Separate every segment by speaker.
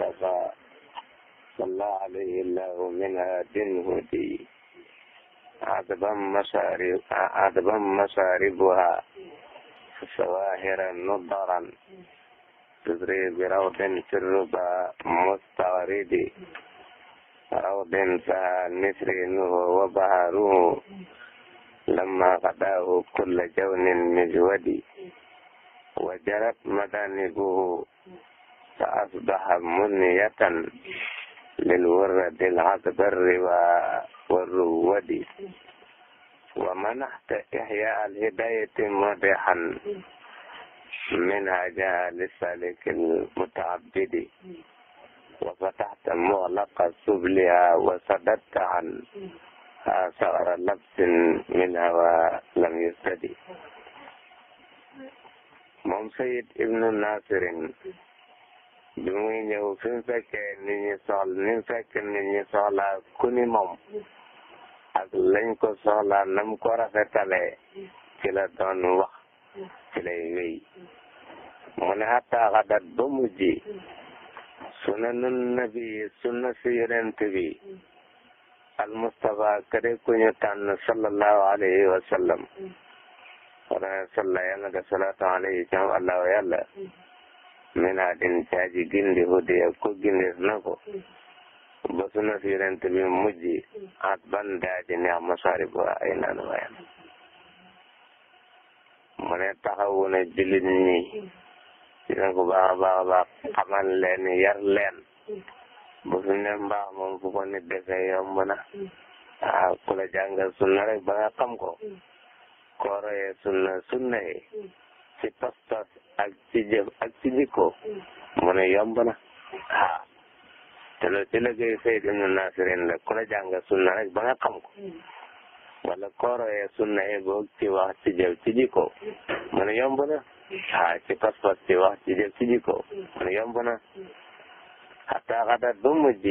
Speaker 1: المصطفى صلى عليه الله من هاد هدي عذبا مشارب عذبا مشاربها سواهرا نضرا تدري بروض في الربا مستورد روض فها النسر نهو وبهاره لما غداه كل جون مجودي وجرت مدانبه fa asbaha muniyatan lil wurradil akbar riwa warruwadi wa manahta ihya al hidayati madihan منهجها للسالك المتعبد وفتحت مغلق سبلها وسددت عن ثأر نفس من هوى لم يستدي. moom Sayyid Ibnu Naasirin bi muy ñëw fi mu fekkee ni ñu soxla ni mu ni ñu soxla ku ni moom ak lañ ko soxla nam ko rafetalee ci la doon wax ci lay wéy mu ne xataa xadat ba mujj sunanun nabi sunna si yonent bi al Mustafa kade ku ñu tànn sallallahu alayhi wa sallam wala salla yàlla nga salaatu alayhi jam allahu yàlla min haadin caaji gindi hudi ak e ko gindeef na ko ba sunna si yonent bi mujj at ban daaji neex masaari bo ay e naan waayam mu ne taxawu na jullit ñi dina ko baax a baax a yar leen ba su ne mbaax fu ko nit defee yomb na ah ku la sunna rek ba nga xam ko kooroyee sunna sunna yi ci pas-pas ak ci jëf ak ci jikko mu ne yomb na ah ci liggéey Sayyid ibnu Naasirin la ku la sunna rek ba nga xam ko hmm. wala kooroyee sunna yi boog ci wax ci jëf ci jikko hmm. mu ne yomb na hmm. ah, ci pas-pas ci wax ci jëf ci jikko mu ne yomb na xataa xataa ba mujj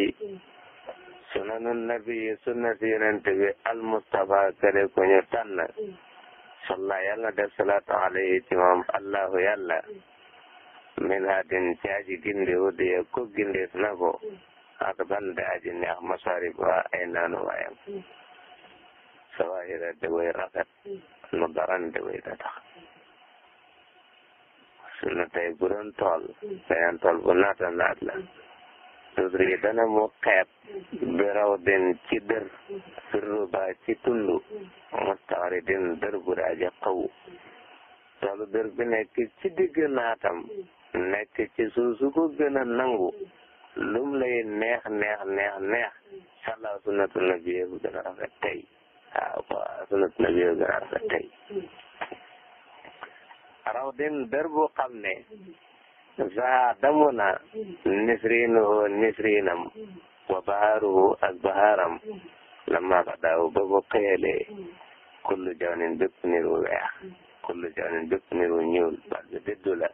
Speaker 1: sunanu nabi sunnati yonent bi al Mustafa kale ko ñu salla yal na def salaatu allahu yàlla min hadin ci aji gindi hudiya ko gindeef na ko ak bande aji neex masarib wa ay naanu waayam sawahira way rafet nu daran way tatax sunu tey bu doon tool beneen tool bu naata tudri dana mu xeeb bi raw din ci dër surruba ci tullu mustaari din dër bu daaja xawu toolu dër bi nekk ci digg naatam nekk ci suusu ko gën a nangu lum lay neex neex neex neex
Speaker 2: sala sunnatu nabi bu gën
Speaker 1: a rafet tey waaw ko sunnatu nabi bu gën a rafet tey raw din dër bu xam ne zaha damu na nisrinuhu nisrinam wa baharuhu ak baharam lamma qadaahu ba ko xëyalee kullu jawnin bépp niru weex kullu jawnin bépp niru ñuul bal bi dëddu la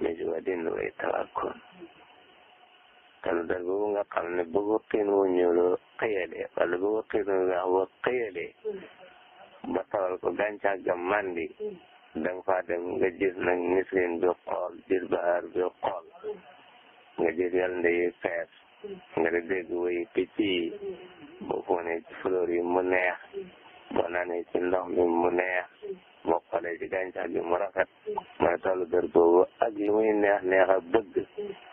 Speaker 1: misi wadin way tawakkoon kanu dar boobu nga xam ne ba ko xiin wu ñuuloo xëyalee wala ba ko xiin wu weex wa xëyalee ba tawal ko gàncax ga mandi danga faa dem nga gis nag miskin bi xool jël bahaar bi xool nga jël yàlla ndeyi fees nga di dégg way picc yi boo foonee ci fleur yi mu neex boo naanee ci ndox mi mu neex boo xoolee ci gàncax gi mu rafet mooy tollu dër boobu ak li neex neex a bëgg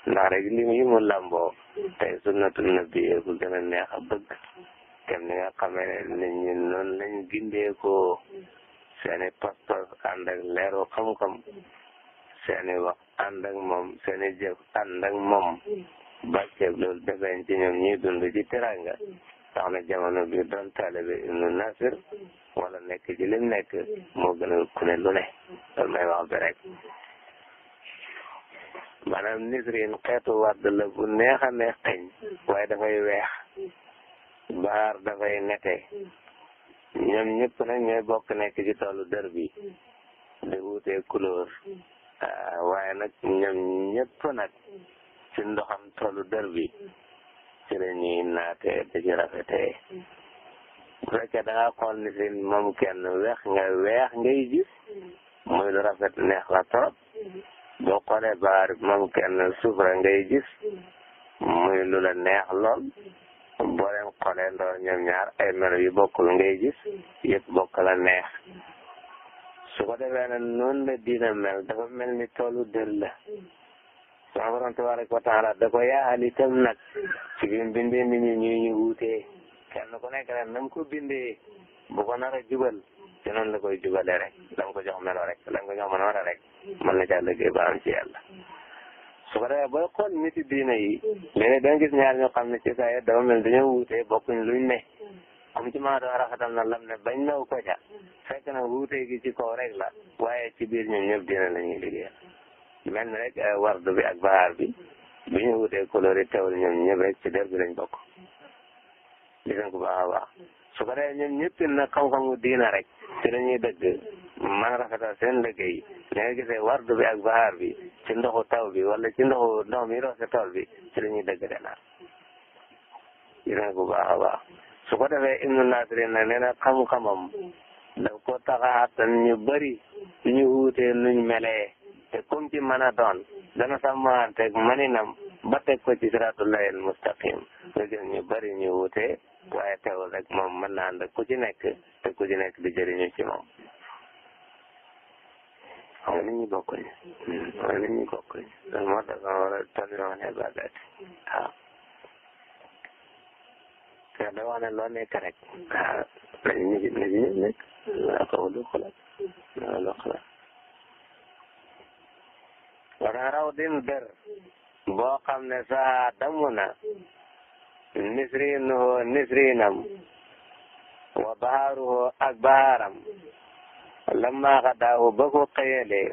Speaker 1: ndax rek li yi mu lamboo tey sunnatul nabi ku gën a neex a bëgg kem ni nga xamee ne nit ñi noonu lañ gindee seeni pas-pas ànd ak leeru xam-xam seeni wax ànd ak moom seeni jëf ànd ak moom barkeeb loolu defeeñ ci ñoom ñuy dund ci teranga tax na jamono bi doon taalibe ibnu nasir wala nekk ci lim nekk moo gën a ku ne lu ne loolu may wax bi rek maanaam nisrin xeetu wàdd la bu neex a neex xeñ waaye dafay weex baar dafay nete ñoom ñëpp nag ñooy bokk nekk ci toolu dër bi di wute couleur ah, waaye nag ñoom ñëpp nag ci ndoxam toolu dër bi ci la ñuy naatee da ci rafetee bu fekkee da ni fi moom kenn weex nga weex ngay gis muy lu rafet neex la trop boo xoolee baar moom kenn suufra ngay gis muy lu la neex lool boo leen xoolee lool ñaar ay melo yu bokkul ngay gis yëpp bokk neex su ko defee nag noonu la diina mel dafa mel ni toolu dër la sama borom tabaraka wa taala da ko yaayal itam nag ci bi mu bindee nit ñi ñuy ñu wuutee kenn ku nekk rek ko bindee bu ko jubal ci noonu la koy jubalee rek la mu ko jox melo rek la mu ko jox mën a mën na caa la ba am ci yàlla su ko defee booy xool nit yi diine yi léeg-léeg da gis ñaar ñoo xam ne ci saa dafa mel dañoo wuute bokkuñ luñ ne am ci ma doon rafetal na lam ne bañ naw ko ca fekk na wuute gi ci kaw rek la waaye ci bir ñoom ñëpp diine la ñuy liggéeyal mel ni rek eh, wardu bi ak baar bi bi ñu wutee couleur yi teewul ñoom ñëpp rek ci der bi lañ bokk di ko baax a baax su ko defee ñoom ñëpp na xam-xamu diina rek ci la ñuy man rafetal seen liggéey na nga gisee wardu bi ak bahaar bi ci ndoxu taw bi wala ci ndoxu ndox mi roose tool bi ci la ñuy dëgg denaar yéen bu baax a baax su ko defee Ibnu Naasirin nag nee na xam-xamam daf ko taxaatan ñu bëri ñu wuutee nuñ melee te comme ci mën a doon dana sàmmanteeg maninam ba teg ko ci siratullahi al mustaqim nga gis ñu bëri ñu wuutee waaye teewul rek moom mën naa ànd ku ci nekk te ku ci nekk di jëriñu ci moom xam nga nit ñi bokkuñu xam nit ñi bokkuñu loolu moo tax ma war a ne bagaat waaw te da wax ne loo nekk rek waaw nañu ñu na ci ñëpp nekk waa ko wulu xalaat waa lu xalaat wala raw din dër wa bahaaruhu ak lamma xadaahu ba ko xëyalee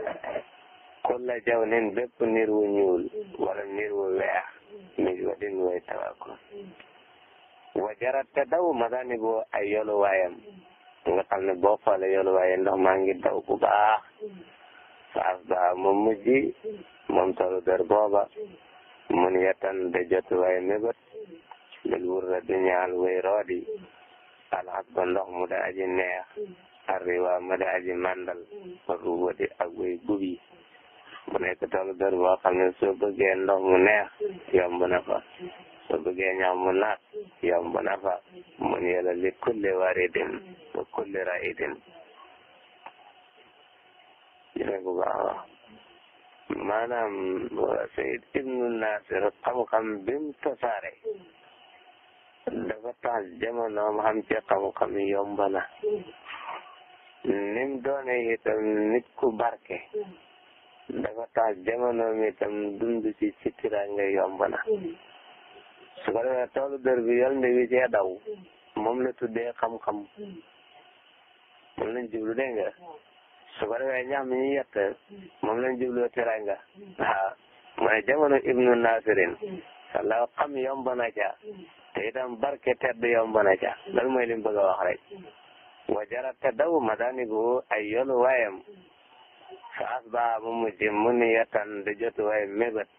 Speaker 1: kulla jawnin bépp niir wu ñuul wala niir wu weex mi wadin way tawaako wa jarat te daw masani boo ay yoluwaayam nga xam ne boo xoolee yoluwaaye ndox maa ngi daw bu baax fa asbaha moom mujji moom tolu der booba mun yettan de jotuwaay mébét lil wurra di ñaal way roodi alxat ba ndox mu da neex xarri waa mada aji mandal waru wadi ak way gubi mu nekk toolu dër boo xam ne soo bëggee ndox mu neex yomb na soo bëggee ñax mu naat yomb na mun yàlla li kulli waridin wa kulli raidin jërëjëf baax a baax maanaam Sayyid Ibnu Nasir xam-xam bi mu dafa tax jamonoom xam ci xam-xam yomb na ni mu doonee itam nit ku barke dafa tax jamonoom itam dund ci sitira nga yomb na su ko defee toolu dër bi wi cee daw moom la tuddee xam-xam moom lañ jublu dégg nga su ko defee ñax mi ñu yett moom lañ jublu tiranga waaw mooy jamono ibnu nasirin sala xam yomb na ca te itam barke tedd yomb na ca loolu mooy li mu bëgg a wax wajarat te daw madanigu ay yoonu waayam fa asbaha mu mujj muniyatan di jotu waay mébét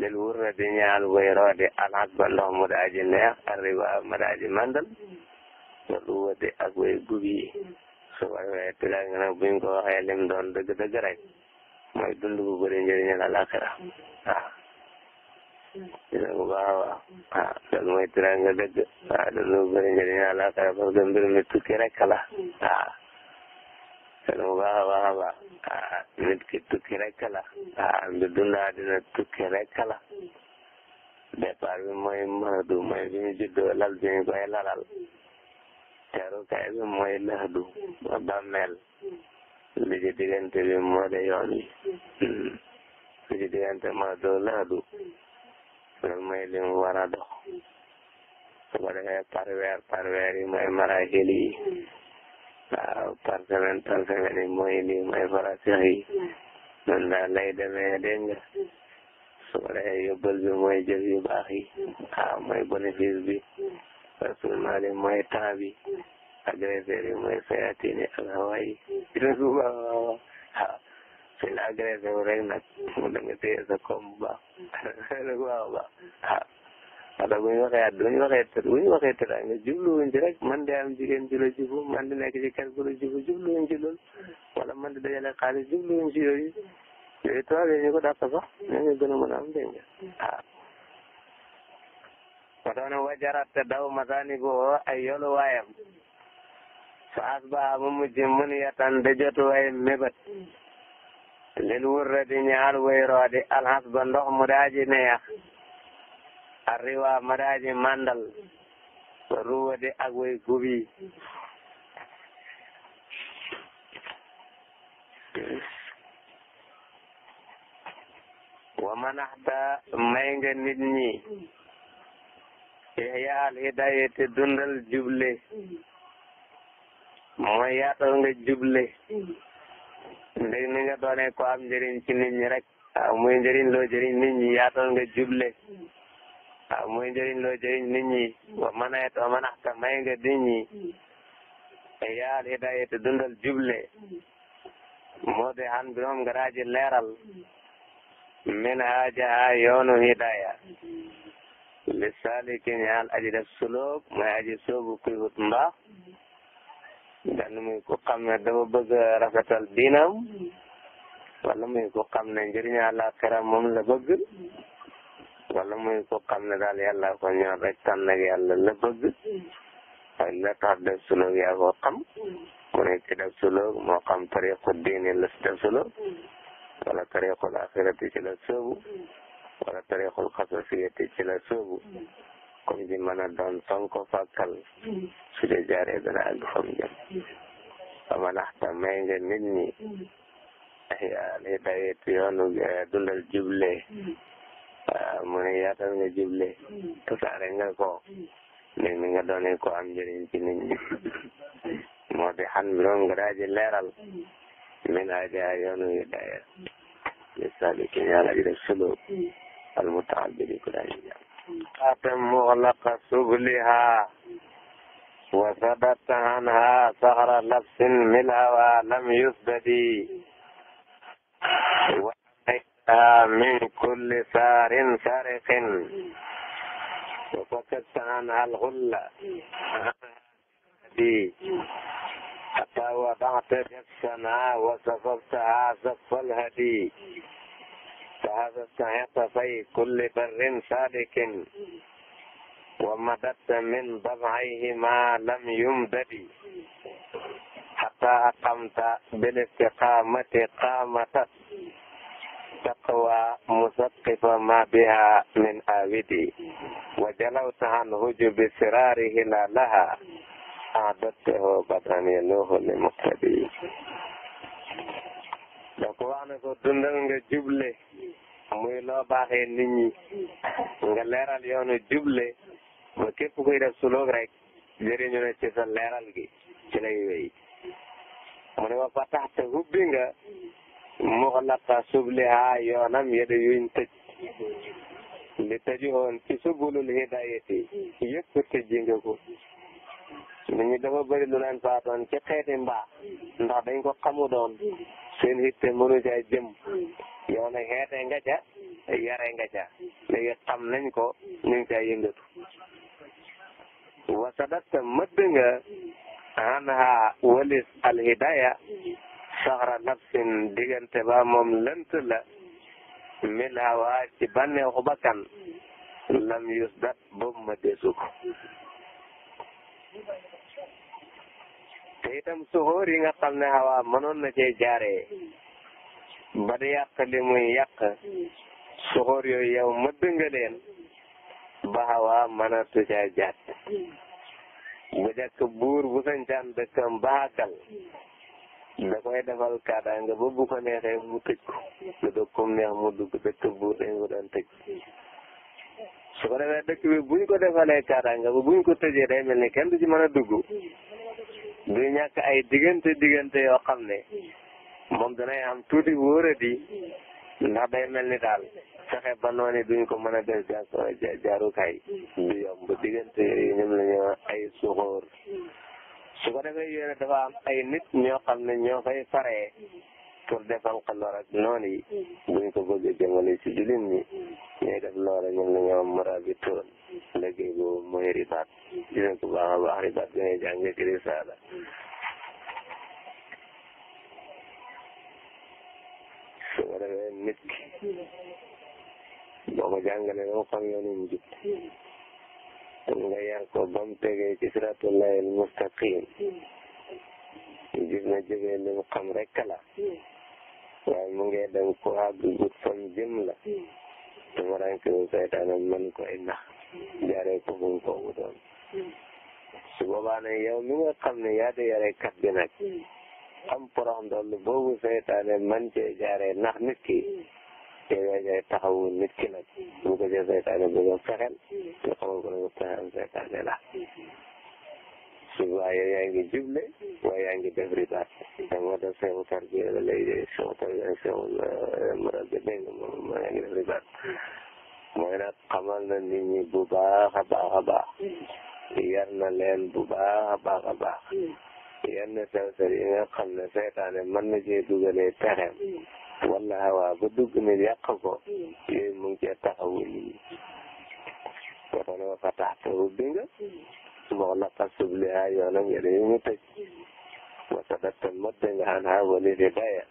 Speaker 1: lil wurra di ñaal way roodi alxat ba ndox mu daaji neex arriba ma daaji mandal wal wadi ak way gub yi su ko defee tilaag nag buñ ko waxee lim doon dëgg dëgg rek mooy dund bu bëri njëriñal alaxira waaw dina bu baax a baax ah loolu mooy tiranga dëgg ah loolu bëri njëriñ àllaaxira parce que mbir mi tukki rek la ah loolu bu baax a baax a baax ah nit ki tukki rek la ah mbir dund dina tukki rek la départ bi mooy mahdu mooy bi ñu juddoo lal bi ñu koy lalal teerukaay bi mooy lahdu mooy bàmmeel li ci diggante bi moo de yoon yi hmm. li ci diggante mahdu lahdu loolu mooy li mu war dox su ko defee par weer par weer yi mooy maraaxil yi waaw par semaine par semaine yi mooy lii mooy farasix yi noonu daal lay demee dégg nga su ko defee yóbbal bi bi rasulmaal yi mooy temps bi agresseur yi mooy sayatin yi ak hawa suñ la agressé wu rek sa koom bu baax bu baax a baax ah parce que bu ñu waxee at bu ñu waxee tër bu ñu man de am jigéen ju la jubu man di nekk ci kër gu la jubu jubluwuñ ci loolu wala man di dajale xaalis a mën a am dégg ma tax ne wajarat te daw masaani boo ay yolu waayam fa asbaha mu mujj mun yatan de jotuwaay mébat lil wurradi ñaal wayroodi alxas ba ndox mu daaji neex arriwa ma daaji mandal wa ruwadi ak way gubi wa manaxta may nga nit ñi ihyaal hidaya te dundal juble mooy yaatal nga juble ndeg ni nga doonee ko am njëriñ ci nit ñi rek. waaw muy njëriñ loo jëriñ nit ñi yaatoon nga juble. waaw muy njëriñ loo jëriñ nit wa man ay wa man axka may nga nit ñi. yaa al hidayat dundal juble. moo de xam bi nga raaji leeral. min haajaha yoonu hidaya. li saalikin yaal aji def suluk mooy aji soobu kuy wut mbaax. ndax muy ku xam ne dafa bëgg a rafetal diinam wala muy ku xam ne njëriñ àllaaxira moom la bëgg wala muy ku xam ne daal yàlla ko ñor rek tànn ak yàlla la bëgg waaye la tax def sulóog yaa ko xam mu ne ci def sulóog moo xam tariqu diini la si def wala tariqul axirati ci la sóobu wala tariqul xasasiyati ci la sóobu kum ji mën doon tong ko fàkkal su dee jaaree dana àgg fa mu jëm sama naxta may nga nit ñi yaa li tawit yoonu eh, dundal juble ah, mu ne yaatal nga juble tasaare nga ko ni mi nga doone ko am njëriñ ci nit ñi moo di xan bi noon daaji leeral min aja yoonu hidaya misali ki ñaala ji def sulu al mutaabidi ku daaji jàmm xaatem muxlaqa sugliha wa sadatta anha sahra labsin mil hawa lam yusdadi wa naytaha min kulli saarin sariqin wa sakatta anha alxulla di hatta wadata jaksana wa safaftaha saffalhadi فهذا السعيق في كل بر سالك ومددت من ضبعيه ما لم يمدد حتى أقمت بالاستقامة قامة تقوى مسقف ما بها من آودي وجلوت عنه بسرار هلالها أعددته بدرا يلوه لمقتدي da ko wax ne ko dundal nga juble muy loo baaxee nit ñi nga leeral yoonu juble ba képp kuy def suluk rek jëriñu ci sa leeral gi ci lay wéy mu ne wa fataxte hubbi nga muxlaqa subliha yoonam yedda yuñ tëj li tëju woon ci subulul hidayati yëpp tëjji nga ko nit ñi dafa bëri lu leen faatoon ci xeeti mbaa ndax dañ ko xamu doon seen hitte mënu caa jëm yow nag xeete nga ca yare nga ca léegi xam nañ ko ñu ngi caa yëngatu wasadatta mëdd nga anha walis alhidaya saxra nafsin diggante ba moom lënt la mil hawaa ci bànneexu bakkan lam yusdat boobu ma deesu ko te itam suxóor yi nga xam ne xawaa mënoon na cee jaaree ba di yàq li muy yàq suxóor yooyu yow mëdd nga leen ba xawaa mënatu caa jàtt bu jàkk buur bu sañcaan dëkkam ba xàkkal da koy defal kaadaanga ba bu ko neexee mu tëj ko lu dëkkum neex mu dugg dëkk buur dañ ko daan tëj su ko defee dëkk bi buñ ko defalee kaadaanga ba buñ ko tëjee day mel ni kenn ci mën a dugg du ñàkk ay diggante diggante yoo xam ne moom danay am tuuti wóoradi ndax day mel ni daal fexe ba noonu duñ ko mën a def jaarukaay du mm. yomb diggante ñom ñoom la ñu ay suxóor mm. su ko defee yooyu ay nit ñoo xam ne ñoo fay faree pour defal ko lor ak noonu yi mm. buñ ko bëgg a jëmale ci jullit ñi ñooy def loola ñoom la ñoo muraabi toon liggéey boobu mooy ribaat gis nañ ko baax a baax ni baat bi ngay jàngee ci risaala su ko defee nit ki boo ko jàngalee ba mu xam yoonu njub nga yar ko ba mu tegee ci siratullahi al mustaqim gis na jëfee li mu xam rek la mu ngi dem ku àgg gut fan jëm la te mu rànk saytaane mën koy ko fu mu su boobaa ne yow mi nga xam ne yaa di yore kat bi nag am porox ndoll boobu seytaane man cee jaaree nax nit ki yow yaa jaay taxawu nit ki nag bu ko jël seytaane bëgg a fexel nga xamal ko ne ko pexeem seytaane la subaa yow yaa ngi juble waaye yaa ngi def ribaat te moo tax euh, na nit ñi bu baax a baax yar na leen bu baax a baax a baax mm. yenn sew-sew yi nga xam ne seytaane man na cee dugalee pexem mm. wala hawa ba dugg nit yàq ko mm. yooyu mu ngi cee taxawu nit ñi waxoon wa fataxtahu bi na moxla xasublia yoonam yada yu mu tëj wasadattan modde nga xan ha wali hidaya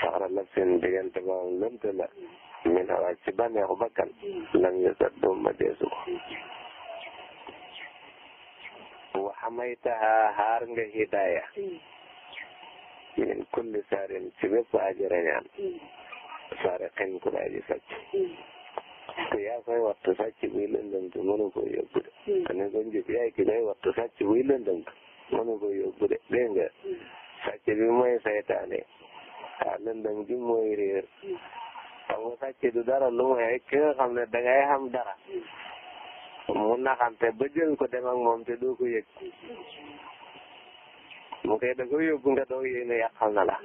Speaker 1: saxra nag seen diggante ba am lënt la min hawa ci bànneexu bakkan lam yosat doom ma deesu xamaytaha xaar nga hidaya min kulli saarin ci bépp aji rañaan saare xen ku aji sàcc te yaa koy wattu sàcc buy lëndëm te mënu ko yóbbu ne ko njub yaay ki koy wattu sàcc buy lëndëm te mënu ko yóbbu de dégg nga sàcc bi mooy saytaane ah lëndëm gi mooy réer xam nga sàcc du dara lu mooy ki ne dangay xam dara mu naxante ba jël ko dem ak moom te doo ko mu koy da ko yóbbu nga doo yéeg ne yàqal na la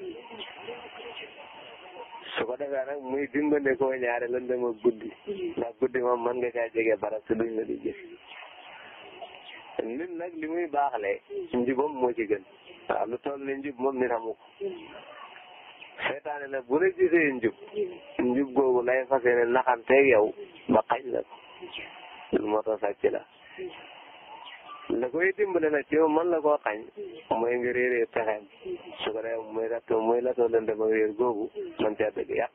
Speaker 1: su ko defee nag muy dimbale ko ñaare lëndëm ak guddi ndax guddi moom mën nga caa jege barab te duñ la di gis nit nag li muy baaxle njubam moo ci gën waaw lu ni njub moom nit amu ko seetaane nag bu la gisee njub njub googu lay fas yéene naxanteeg yow ba xañ la loolu moo tax sàcc la na koy dimbale nag ci man la koo xañ mooy ko defee muy rat muy latoo leen dama réer googu man caa dëgg yàq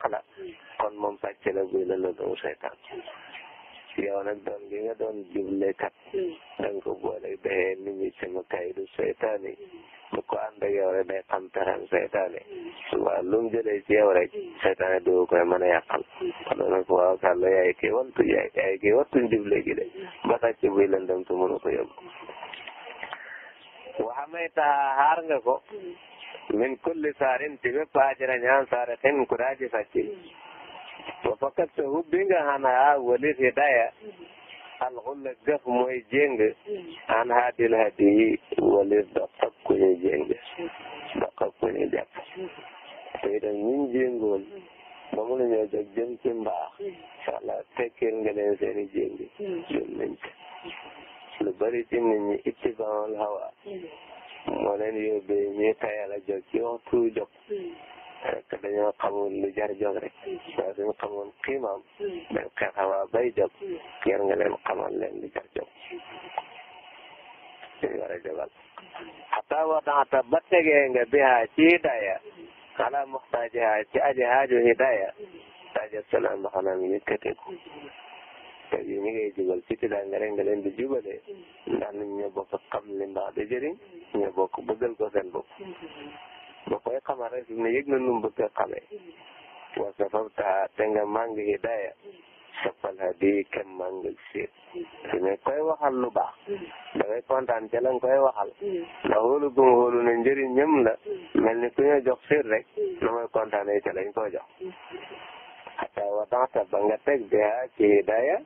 Speaker 1: kon moom sàcc la buy la loolu doomu seytaan yow nag doon gi nga doon jublekat hmm. da nga ko boole ni nit ñi sama kayidu seytaan bu ko ànd ak yow rek day xam pexem seytaane ci yow rek seytaane doo koy mën a yàqal xanaa nag waaw kàlla yaay kii wattu yaay yaay kii wattuñ dib léegi de te mënu ko yóbbu waxamay taxaa xaar nga ko min kulli saarin ci bépp aajara ñaan saare xin ku daaji sàcc ba fakkat sa hubbi nga xanaa walis hidaya alxulla gëf mooy jéng an haadil hadi yi walis dox ak ku ñu jéng dox ak ku ñu jàpp te itam ñun jéngoon ba mu la ñoo jóg jëm ci mbaax wala fekkeel nga leen seen i jéng jëm nañ lu bëri ci nit ñi ittibaawal hawa moo leen yóbbee ñuy tayal a jóg ci waxtu fekk dañoo xamul lu jar jóg rek waaye suñu xamoon xiimaam dañ xeexa waa bay jóg ngir nga leen xamal leen lu jar jóg suñu war a jógal xataa wadaxata ba tegee nga bihaa ci hidaya xalaa muxtaajiha ci aji haaju hidaya taaja salaam maxanaam yëkkateeku te yi ñu ngay jubal ci tiddaa nga rek nga leen di jubalee ndax nit ñoo bokk xam li mbaax di jëriñ ñoo bokk bëggal ko seen bopp ma koy xamal rek ne yëg na nu mu bëgg a xamee wa safabta te nga màng hidaya sappal hadi kem màng seet su ne koy waxal lu baax dangay kontaan ca la koy waxal ndax wóolu gum wóolu ne njëriñ ñëm la mel ni ku ñu jox seet rek na mooy kontaanee ca lañ ko jox وضعت ba nga teg biha ci hidaya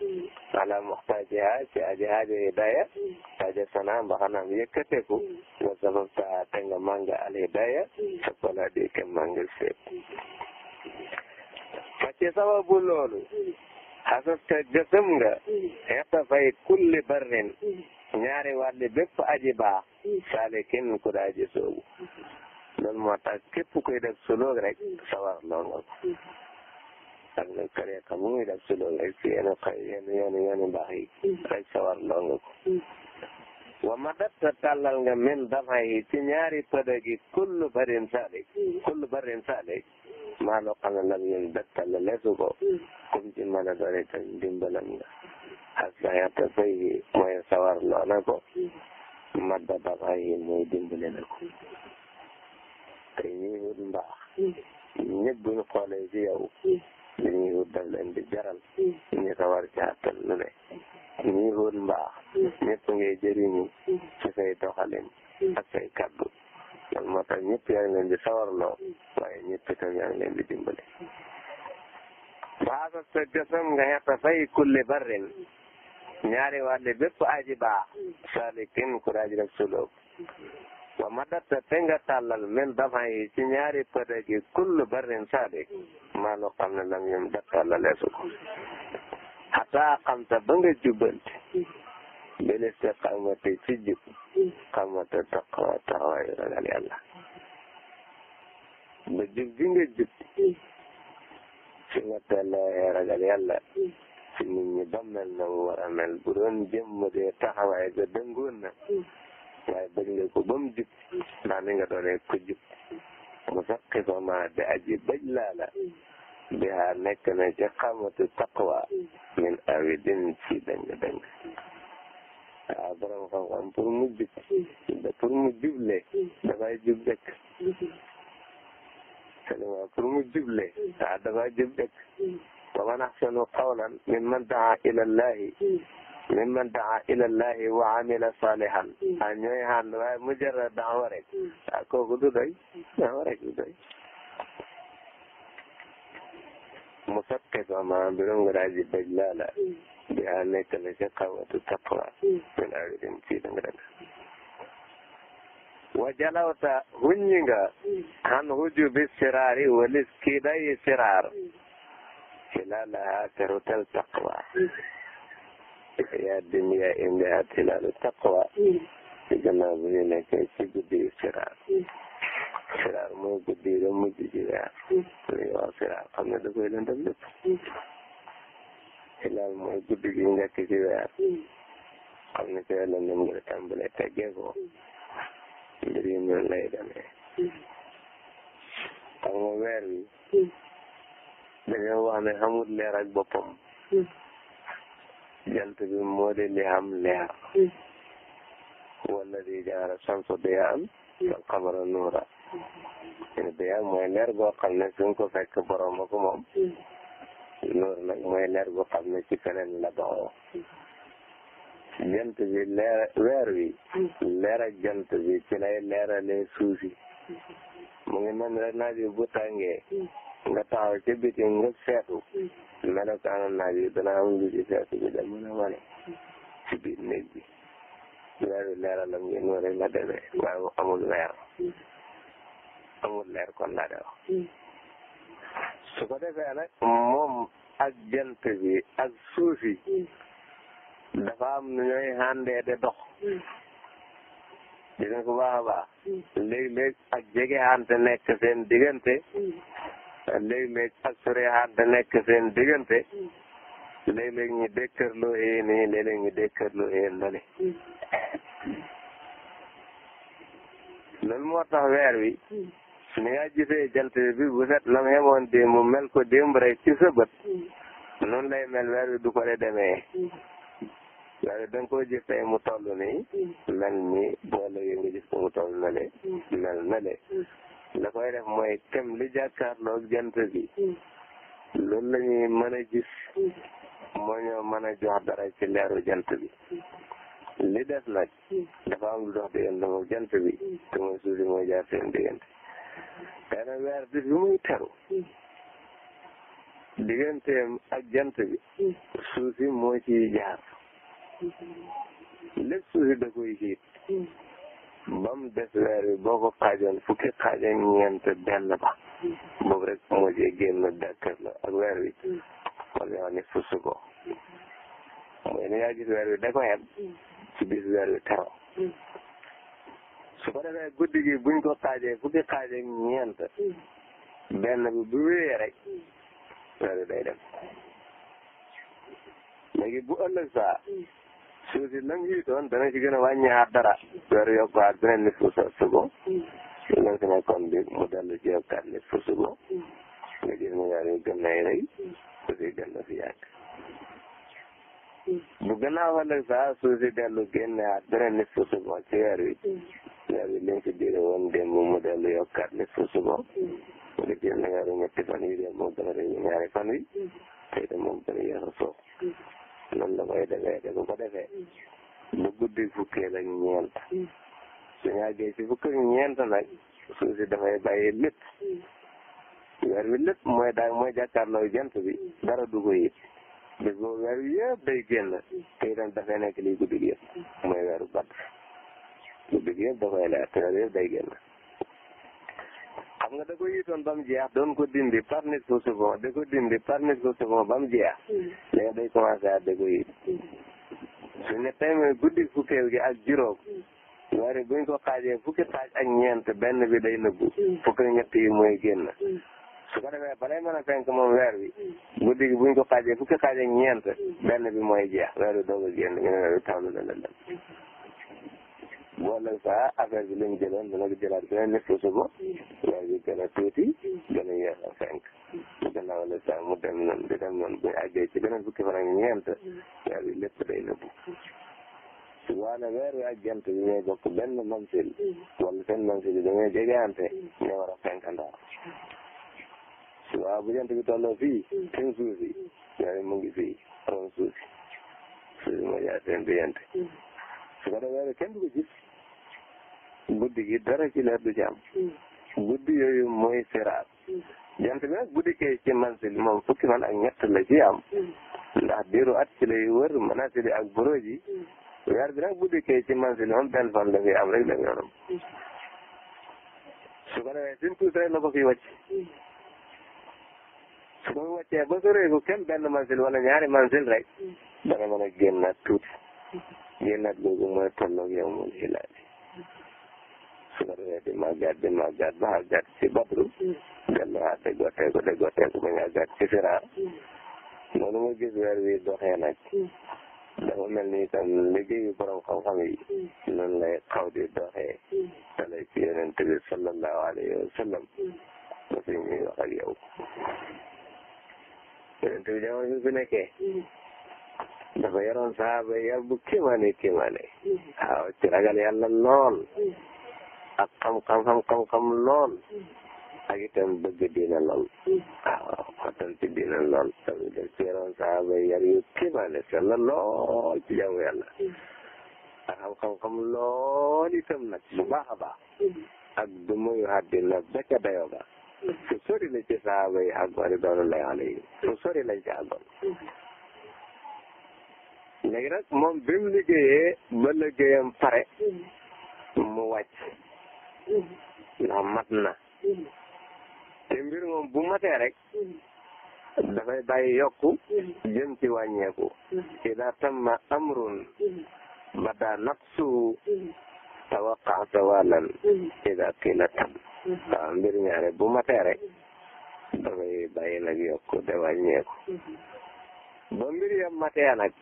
Speaker 1: ala muxtaajiha ci aji aajo hidaya taaja sana mbaxanaam yëkkateku wa sababta te nga manga al hidaya sa bala di ke manga seet fa ci sababu loolu xasasta gësëm nga xeeta fay kulli barrin ñaari wàlli bépp aji baax saalikin ku daa ji soobu loolu moo tax képp kuy def suluuk rek sawar loo ak lu këree xam muy def si loolu rek si yenn xëy yenn yenn yenn mbaax yi rek sawar loo nga ko wa ma datta tàllal nga min dafa yi ci ñaari pëdë gi kullu barin saalik kullu barin saalik maa loo xam ne lam yéen dattal la lesu ko comme ci mën a doon itam dimbalam nga ak sa yatta fay mooy sawar loo na ko madda dafa yi mooy dimbale na ko te ñuy wut mbaax ñëpp buñ xoolee ci yow li wut daf leen di jaral hmm. ñu sawar ci ne hmm. ñuy wut mbaax hmm. ñëpp ngay jëriñu ci say doxalin ak say kaddu loolu moo tax ñëpp yaa ngi leen di sawarloo waaye ñëpp itam yaa ngi leen di dimbale baasa sa jësam nga xetta fay kulli barrin ñaari wàlle bépp aji baax salikin ku daaji def sulóob wa madatta te nga tàllal men dafan yi ci ñaari pëdagi kulli barrin salik maa loo xam ne lam yem dakka la leesu ko xataa xam ta ba nga jubbante bele si xamate ci jub xamate taxawa taxawaayu ragal yàlla ba jub bi nga jub fi nga telloo ragal yàlla ci nit ñi ba mel na mu war a mel bu doon jëmm dee taxawaay ga dëngoon na waaye bañ nga ko ba mu jub ndax ni nga doonee ko mu saqito ma di aji bëj laala biha nekk na ci xamatu taqwa min awidin ci dëng dëng waaw borom xam-xam pour mu jub pour mu juble dafay jub dëkk seulement pour mu juble waaw dafay jub dëkk wa man axsanu qawlan min man daa ila allahi mimman daa ilallahi wa amila salihan hmm. a ñooy ànd waaye mujarrad daawa rek ah kooku du doy daawa rek du doy musaqqifa maanaam mbirum nga daal di daj laala di hmm. a nekk taqwa min ci danga danga wa jalawta huññi nga han hujubi siraari walis kiidayi siraar ci laala terutel taqwa yaa dunya imraat hilaalu taqwa ci gannaaw bu ñu nekkee ci guddi yu siraar siraar mooy guddi yu mujj ci weer lu ñuy wax siraar xam ne da koy lëndëm lépp hilaal mooy guddi gi njëkk ci weer xam ne ci weer la ñu ngi tàmbalee teggeekoo mbir yi noonu lay demee xam nga weer wi da ngeen wax ne xamul leer ak boppam jant bi moo di li am leer wala di jaara samsu diyaan wal qamara nuura diyaan mooy leer goo xam ne suñ ko fekk borom ko moom nuur nag mooy leer goo xam ne ci feneen la baxoo jant bi leer weer wi leer ak jant bi ci lay leeralee suusi mu ngi mel ne naaj bi bu tàngee nga taxaw ci biti nga seetu melokaanu naaj yi dana am lu ci seetu bi da mën a ci biir néeg bi leeru leeralam yi noonu rek la demee waaye mu amul leer amul leer kon laa de wax ko defee nag moom ak jant bi ak suuf yi am nu ñooy xàndee de dox dégg nga ko baax a baax léeg ak jege xante nekk seen diggante léeg-léeg ak sureexaat da nekk seen diggante léeg-léeg ñu dékkërloo xëy nii léeg-léeg ñu dékkërloo xëy ndale loolu moo tax weer wi ni nga gisee jant bi bu set lam xemoon démb mu mel ko démb rek ci sa bët lay mel weer wi du ko de demee weer wi ko nga koo mu toll nii mel nii boo léegi nga gis ko mu toll nale mel nale la koy def mooy tem li jàkkaarloog jant bi mm. loolu la ñuy mën a gis mm. moo ñoo mën a jox dara ci leeru jant bi mm. li des nag dafa am lu dox diggante moom jant bi te mooy suuf si mooy jaar seen diggante te nag weer bi bi muy teru ak jant bi suuf si moo ciy jaar lépp suuf ba mu des weer bi boo ko xaajoon fukki xaaj ak benn ba boobu rek moo cee génn dàkkar la ak weer wi wala yoo ne susu ko mooy ni nga gis wi da ko xeeb ci bis weer wi tero su ko defee guddi gi buñ ko xaajee fukki xaaj ak ñeent bi bu wéyee rek weer wi day dem léegi bu ëllëg suuf si lam yiitoon dana ci gën a wàññiwaat dara. weer yokkuwaat beneen nit fu sa sugo. su la si nekkoon bi mu dellu ci yokkaat nit fu sugo. nga gën nay rëy. suuf si gën na fi yàgg. bu gannaaw ëllëg sax suuf si dellu génnewaat beneen nit fu sugo ci weer wi. weer si diire woon démb mu dellu yokkaat nit fu sugo. nga gis mu ñaar ñetti fan yi démb mu gën a rëy ñaari fan yi. tey de moom gën a yéex a soob. noonu la koy defee te bu ko defee bu guddi fukkeel ak ñeent suñu àggee ci fukk ak ñeent nag si dafay bàyyi lépp weer wi lépp mooy daal mooy jàkkaarloo jant bi dara du ko yit bés boobu weer day génn te itam dafay nekk liy guddi gi yëpp mooy weeru Badr guddi gi yëpp da koy leer te day génn xam nga da ko yitoon ba mu don doon ko dindi par nit ko second da ko dindi par nit ko second ba mu jeex hmm. léegi day commencé at da ko yit su hmm. ne tey mooy guddi fukkeel gi ak juróom ñaari hmm. buñ ko xaajee fukki xaaj ak ñeent benn bi day nëbbu fukki ñett yi mooy génn su ko defee balay mën a fenk moom weer wi guddi gi buñ ko xaajee fukki xaaj ak ñeent benn bi mooy jeex weer wi doog a ne weer boole saa affaire bi lañ jëloon dana ko jëlaat beneen nit ko suba weer bi gën a tuuti gën a yeex a fenk mu gannaaw la saa mu dem noonu di dem noonu bu ñu àggee ci beneen fukki fan ak ñeent weer bi lépp day nëbbu waane weer wi ak jant bi ñooy bokk benn mansil wala seen mansil yi dañoo jegeante ñoo war a fenkandoo waaw bu jant bi tolloo fii seen suuf si weer mu ngi fii ron suuf si suuf si moo jaar seen ko defee weer kenn du ko guddi gi dara ci leer du ci am guddi yooyu mooy siraat jant bi nag guddi kay ci mansil moom fukki fan ak am ndax diiru at ci lay wër manasili ak boroji weer bi nag guddi kay ci mansil moom benn fan la fi am rek la yoonam su ko defee suñ tuuti rek la ko fi wàcc su ko wàccee ba soree ko kenn benn mansil wala ñaari mansil rek dana mën a génnaat tuuti génnaat googu mooy tolloog yow moom su ko defee di màggat di màggat ba àggat si badru delluwaat di gotteeku di gotteeku ba ñu àggat si siraar mm. noonu ma gis weer wi doxee nag mm. dafa mel ni itam liggéeyu borom xam-xam yi mm. noonu lay xaw di doxee dalee ci yonent bi sallallahu alayhi wa sallam ba fi ñuy wax ak yow yonent bi jamono bi fi nekkee dafa yoroon saaba yar bu kéemaane kéemaane waaw ci ragal yàlla lool ak xam-xam xam lool ak itam bëgg diina lool waaw xottal ci diina lool tamit yar yu kéemaane sell lool ci jaamu yàlla ak xam-xam lool itam nag bu baax a baax ak du muy àddina ba ca dayoo ba fu sori la ci saaba yi ak wari doon lay ale yi fu sori lañ ci àggoon léegi nag moom bi mu liggéeyee ba liggéeyam pare mu wàcc ndax mat na te mbir moom bu matee rek dafay bàyyi yokk jëm ci wàññeeku ida tamma amrun bada naqsuhu tawaqa zawalan ida qila tam waaw mbir ñaare bu matee rek dafay bàyyi nag yokku de wàññeeku ba mbir ya matee nag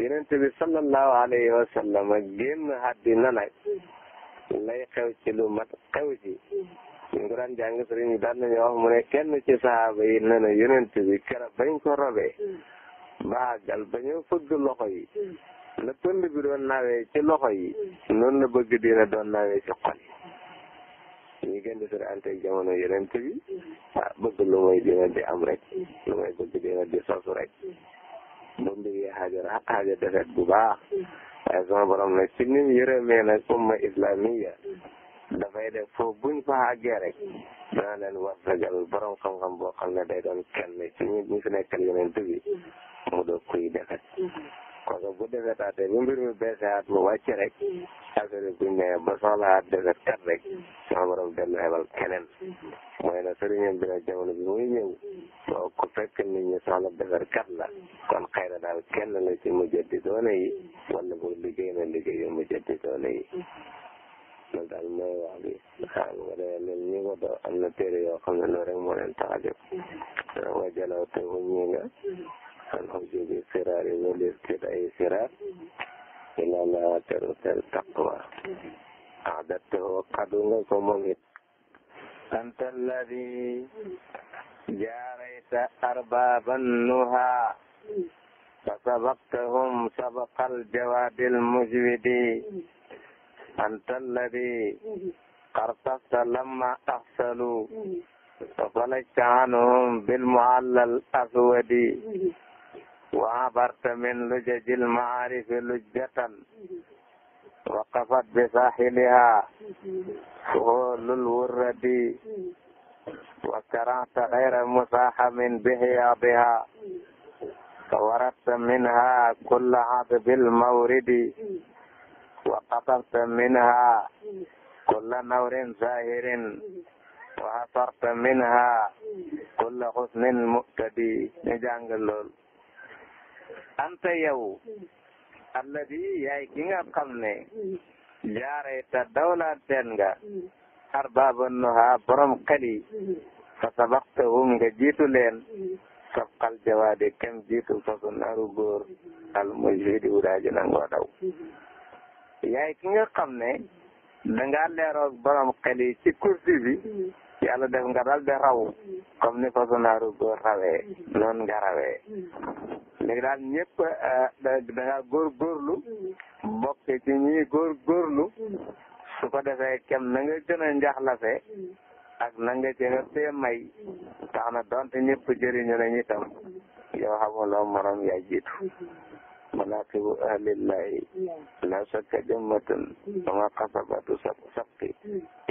Speaker 1: yonent bi sallallahu alayhi wa sallam génn nag lay xew ci lu mat xew ci ñu ko daan jàng sëriñ bi daan nañu wax mu ne kenn ci saxaaba yi nee na yonent bi keroog bañ ko robee baagal ba ñu fëgg loxo yi na pënd bi doon nawee ci loxo yi noonu na bëgg dina doon nawee ci xol ñu gën di sori anteeg jamono yonent bi ah bëgg lu mooy dina di am rek lu mooy bëgg dina di sosu rek ba mbir yi xaaja defet bu baax waaye sama borom nag ci nim yërëmee nag umma islamiya dafay de foofu buñ fa àggee rek dana leen warsagal borom xam-xam boo xam ne day doon kenn ci ñi ñu fi nekkal yeneen bi mu doog koy defet parce que bu defetaatee bu mbir mi beeseaat mu wàcc rek affaire bi buñ ne ba soxlaat defet kat rek sama borom dellu xebal keneen mooy na sëriñam bi nag jamono bi muy ñëw soo ko fekk nit ñi soxla defet kat la kon xëy na daal kenn la ci mujjati doone yi wala bu liggéey na liggéey yu mujjati doone yi dal daal mooy wax bi xam nga de loolu ñu ko do am na téere yoo xam ne loolu rek moo leen tax
Speaker 2: a
Speaker 1: nga anhu jóge siraar yi walis tet ay siraar ilaa la teru ter taqwa aadatte hoo xadu nga ko moom it anta alladi jaarayta arbaaban nuha fa sabaqtahum sabaqal jawaadil mujwidi anta alladi qartafta lamma axsalu فخلجت عنهم بالمعلى الأسود waa barta min lujajil maarifi lujjatan waqafat bi saaxiliha xoolul wurradi wa karanta xayra musaaxamin bixiyaadiha waratta minha kulla hadbil mawridi wa qatabta minha kulla nawrin zaahirin wa hasarta minha kulla xusnin muqtadi ñu jàng lool anta yow alladi yaay ki nga xam ne jaarayta dawlateen nga arbaba nuha borom xel yi fa sabaqtahum nga jiitu leen sabqal jawaade kem jiitu fasu naaru góor al mujhidi uraaji nangoo daw yaay ki nga xam ne danga leeroog borom xel yi ci kursi bi yàlla def nga dal de raw comme ni façon góor rawee mm-hmm. noonu nga rawee mm-hmm. léegi daal ñëpp eh, da nga góor góorlu mm-hmm. bokk ci ñi góor góorlu su ko defee kem na nga gën a njaxlase
Speaker 2: ak na nga gën
Speaker 1: may tax na donte ñëpp jëriñu nañu itam yow xamuloo morom yaa jiitu manaaqibu ahlillahi la sakka jammatun wa ma qasabatu sabqi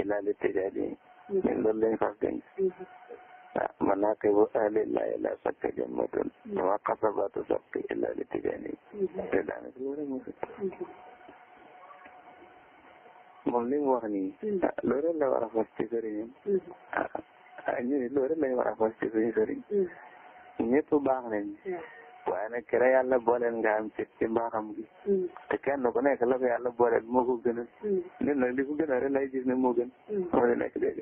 Speaker 1: ila littijaadi ñun loolu lañ fas denc.
Speaker 2: Mm-hmm.
Speaker 1: Ah, man naa koy bu ahlil laa yi laa sakka jammatun dama xasabaatu mm-hmm. sabqi illaa li tijaani
Speaker 2: mm-hmm. te daanaka
Speaker 1: war a mos moom li mu wax nii. Ah, loolu war a fas ci sëriñam. Ah, ah ñu ne loolu lañ war a fas ci suñu sëriñ. ñëpp baax waaye nag ki la yàlla booleel nga am ci ci mbaaxam gi. Mm. te kenn ku nekk la ko yàlla booleel moo ko gënal. Mm. nit nag li ko gënal rek lay gis ne moo gën. Mm. moo di nekk dégg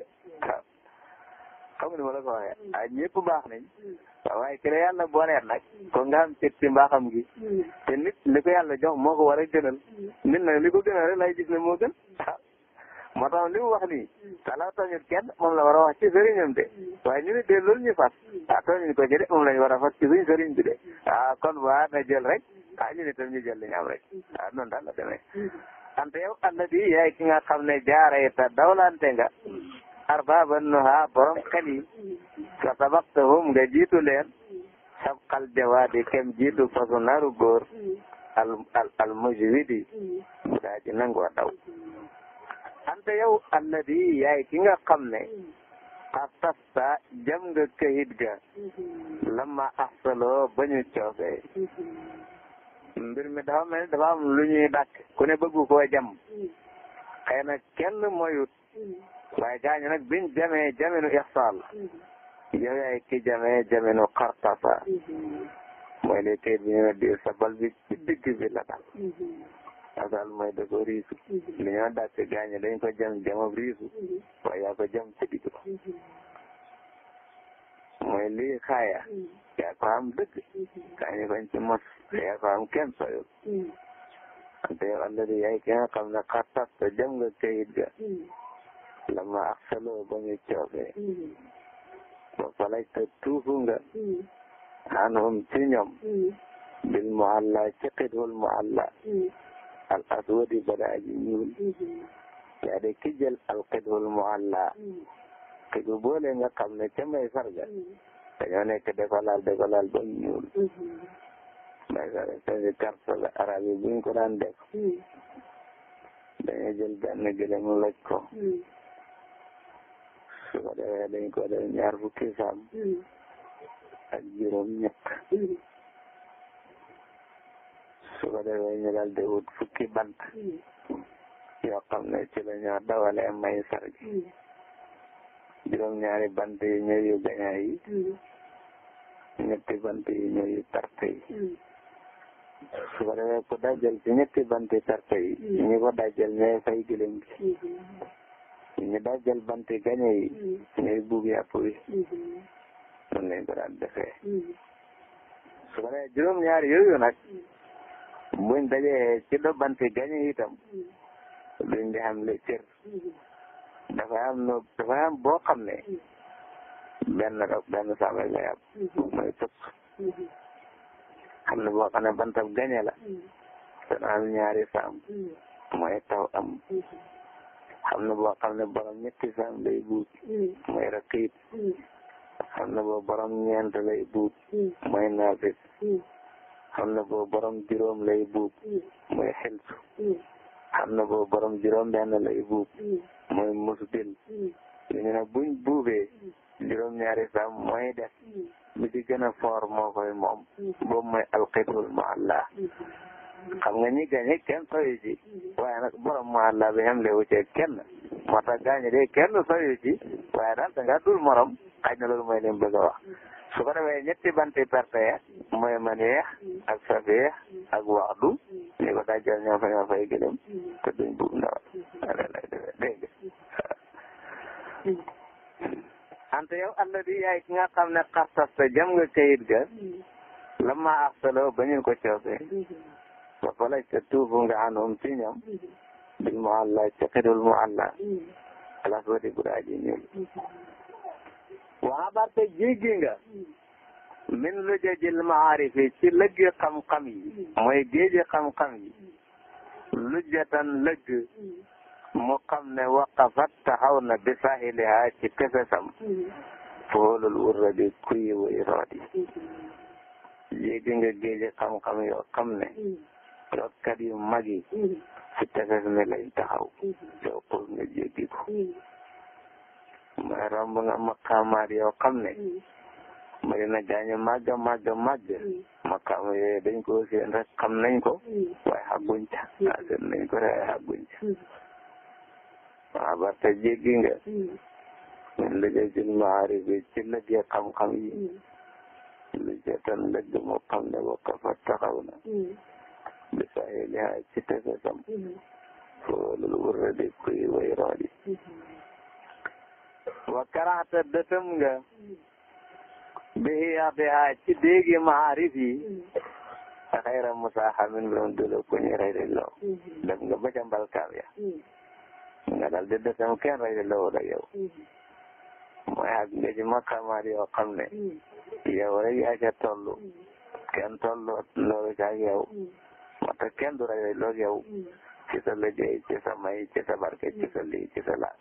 Speaker 1: waaw ni ma la ko waxee ah ñëpp baax nañ. waaye ki la yàlla booleel nag ko nga am ci ci mbaaxam gi. te nit li ko yàlla jox moo ko war a gënal. nit li ko gënal rek lay ne moo moo tax li mu wax nii talaa tooñut kenn moom la war a wax ci sëriñam de waaye ñu ne de loolu ñu fas ah tooñuñ ko ci de moom lañ war a fas ci suñ sëriñ bi de ah kon waa rek ah ñu ne tam ñu jël li ñu am rek ah noonu daal la demee. ante yow alladi yaay ki nga ta dawlante nga arbaaban nuha borom xel yi sa kem jiitu fasu naaru góor al al al mujwidi daa ji nangoo ante yow alladi yaay ki nga xam ne xasasta jam nga këyit ga lama axsaloo ba ñu coosee mbir mi dafa mel ni dafa am lu ñuy dàkk ku ne bëggu koo jam xëy na kenn moyut waaye gaañu nag biñ jamee jaminu ixsaal yow yaay ki jamee jaminu xartasa mooy li këyit bi ñu ne di sa bal bi ci digg bi la dal asal mooy da mhm. ko riisu li ñoo dàkk gaañe jam jamab riisu waaye yaa jam ci digg ba mhm. mooy lii xaaya mhm. yaa ko am dëgg gaañe ci mos yaa ko am kenn soyul ante yow alladi yaay ki ne xattas te jam nga kayit ga la ma axsaloo ba ñu coofee ba falaj te tuufu ci ñoom bil mu àlla ci xitwul mu àlla al aswadi badaa ji ñuul mhm. yaa de ki jël al xidhul muhalla xidhu mhm. boole nga xam ne ca may sarga mhm. dañoo nekk defalaal defalaal ba mu ñuul may sarga seen carte la arab yi buñ ko daan def dañoo jël benn gëlëm loj ko su ko dañ ko def ñaar fukki saam ak juróom ñett su ko defee ñu daal di wut fukki bant mm. yoo xam ne ci la ñoo dawalee may sar gi mm. juróom-ñaari bant yi ñooy yu gañaa yi mm. ñetti bant yi ñooy yu tarte yi su ko defee ku dajal ci ñetti bant yi tarte yi ñi ko dajal ñooy fay gëlëm gi
Speaker 2: mm-hmm.
Speaker 1: ñu dajal bant yi gañe yi mm-hmm. ñooy buub yàpp wi mm-hmm. noonu lañ ko daan defee su ko defee juróom-ñaari yooyu nag buñ dajee ci dobbante gañe itam duñ di xam le cër dafa am no dafa am boo xam ne benn rab benn na la yàpp mooy tëkk xam ne boo xam ne bantab gañe la dana am ñaari saam mooy taw am xam ne boo ne borom ñetti saam lay buut mooy raqiit xam ne boo borom ñeent lay buut mooy naafit xam na boo borom juróom lay buub mooy xilsu xam na boo borom juróom la lay buub mooy musbil ñu ne buñ buubee juróom ñaari saam mooy def bi di gën a foor moo koy moom boobu mooy alqitul mualla xam nga ñi gañe kenn soyu ci waaye nag borom mualla bi xam lewu ci kenn moo tax gaañe de kenn soyu ci waaye daal da nga dul morom xaj na loolu mooy lim bëgg a wax su ko defee ñetti banti perte mooy maneex ak sabeex ak waxdu ni ko dajjal ñoo fa ñoo fay gëlëm te duñ di yaay ki nga xam ne xartas te jam nga kayit ga lamma axsaloo ba ñu ko coobee ba falaj te tuufu nga anum ci ñoom bil mu àlla ci xidul mu àlla alas wadi guraaji ñuul waa barte jéggi nga min lu jëjil maarifi ci lëggi xam-xam yi mooy géeji xam-xam yi lujjatan lëgg mu xam ne waqafat taxaw na bi sahiliha ci tefesam foolul urra bi kuyi way roodi jéggi nga géeji xam-xam yoo xam ne rootkat yu mag yi ci tefes mi lañ taxaw yow pour nga jéggi ko mooy romb nga maqaamaat yoo xam ne mm. Madina gaañu màgg màgg màgg mm. maqaama yooyu dañ ko seen rek xam nañ ko mm. waaye xàgguñ ca waaw seen nañ ko rek waaye xàgguñ ca waaw ba te jéggi nga min liggéey ci maarif yi ci liggéey xam-xam yi li jotoon lëgg mu xam ne ba ko fa taxaw na bi saa yi li ci tefesam foo loolu wër na di kuy way roodi
Speaker 2: mm-hmm.
Speaker 1: wa karaxta dëtëm nga bihiya biha ci déegi maarif yi xayra musaaxamin loon dula ko ñu rey di loo dem nga ba ca mbalkaab ya nga dal di dëtëm kenn rey di loo rek yow mooy ak nga ci maqamaat yoo xam ne yow rek yaa ca toll kenn tollu loolu ca yow moo tax kenn du rey di loo yow ci sa liggéey sa may ci sa barke ci sa lii ci sa laaj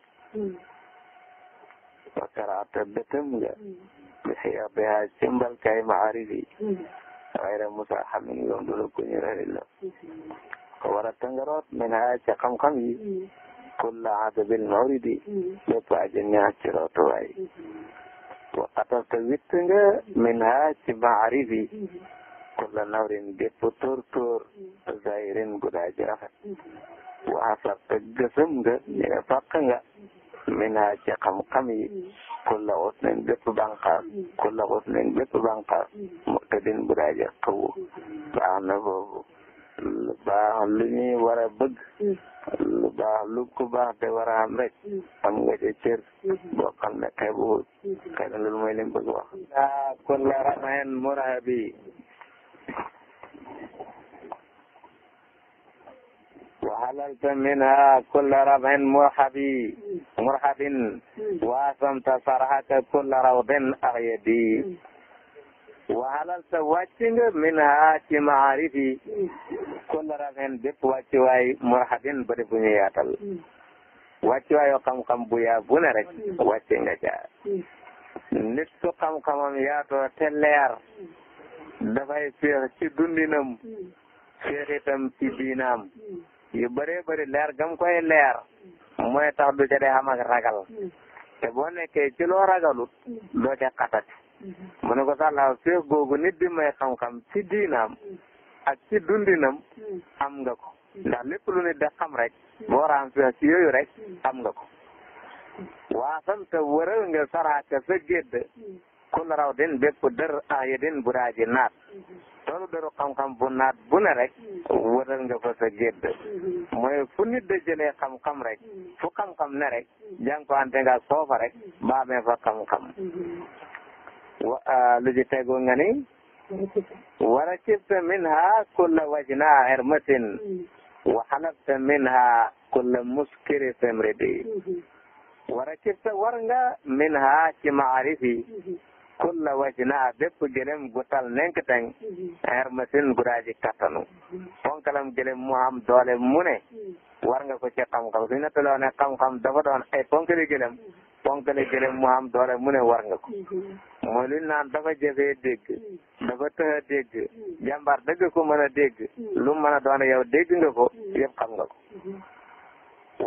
Speaker 1: fakaraata bëtëm nga bi hmm. xiya biha simbal kay maarifi hmm. xayra musaaxamin loolu du la hmm. ko ñu la ko war a tëngaroot min haa ca xam-xam yi kulla adabil mawridi lépp aji ñaa ci rootuwaay wa qatarta witt nga min haa ci maarifi kulla nawrin gépp tóor tóor zahirin gudaa ji rafet wa asarta gësëm nga ñu ne fàq nga minaa ci xam-xam yi mm. kulla usnin bépp bànqaas mm. kulla usnin bépp bànqaas mm. mu'tadin bu daaje xëwu baax na foofu lu baax lu ñuy war a bëgg lu baax lu ku baax te war a am rek am nga ca cër boo xam ne xeebu wut xëy na loolu mooy li mu bëgg wax kulla ramahin murahabi وحللت منها كل ربع مرحب مرحب واسمت صرحك كل روض أغيدي وحللت واتشنج منها ci معارفي كل ربع bépp wàccuwaay مرحب bari bu ñu yaatal wàccuwaayu xam-xam bu yaa bu ne rek wàcce nga ca nit ku xam-xamam yaatoo te leer dafay féex ci dundinam féex itam ci diinaam yu bëree bëri leer gam koy leer mooy tax du ca dee ragal te boo nekkee ci loo ragalut doo ca xatati mu ne ko sàllaaw feeg googu nit di may xam-xam ci diinaam ak ci dundinam am nga ko ndax lépp lu nit da rek boo raam feeg ci yooyu rek am nga ko waasanta wëral nga saraaka sa gédd kul raw din bépp dër ahyadin buraaji naat toolu daru xam-xam bu naat bu ne rek wëral nga fa sa gédd mooy fu nit da jëlee xam-xam rek fu xam-xam ne rek jàng ko ante nga soofa rek ba amee fa xam-xam wa lu nga ni wara cibta minha kulla wajna ermatin wa xalabta minha kulla muskiri femridi wara cibta war nga minha ci maarifi kulla wajna bépp gëlëm gu tal nenk teng xer masin guraaji kattanu ponkalam gëlëm mu am doole mu ne war nga ko ci xam-xam suñu nattaloo ne xam-xam dafa doon ay ponkali gëlëm ponkali gëlëm mu am doole mu ne war nga ko mooy lu ñu naan dafa jafee dégg dafa tëx a dégg jàmbaar dëgg ko mën a dégg lu mën a doon yow dégg nga ko yëpp xam nga ko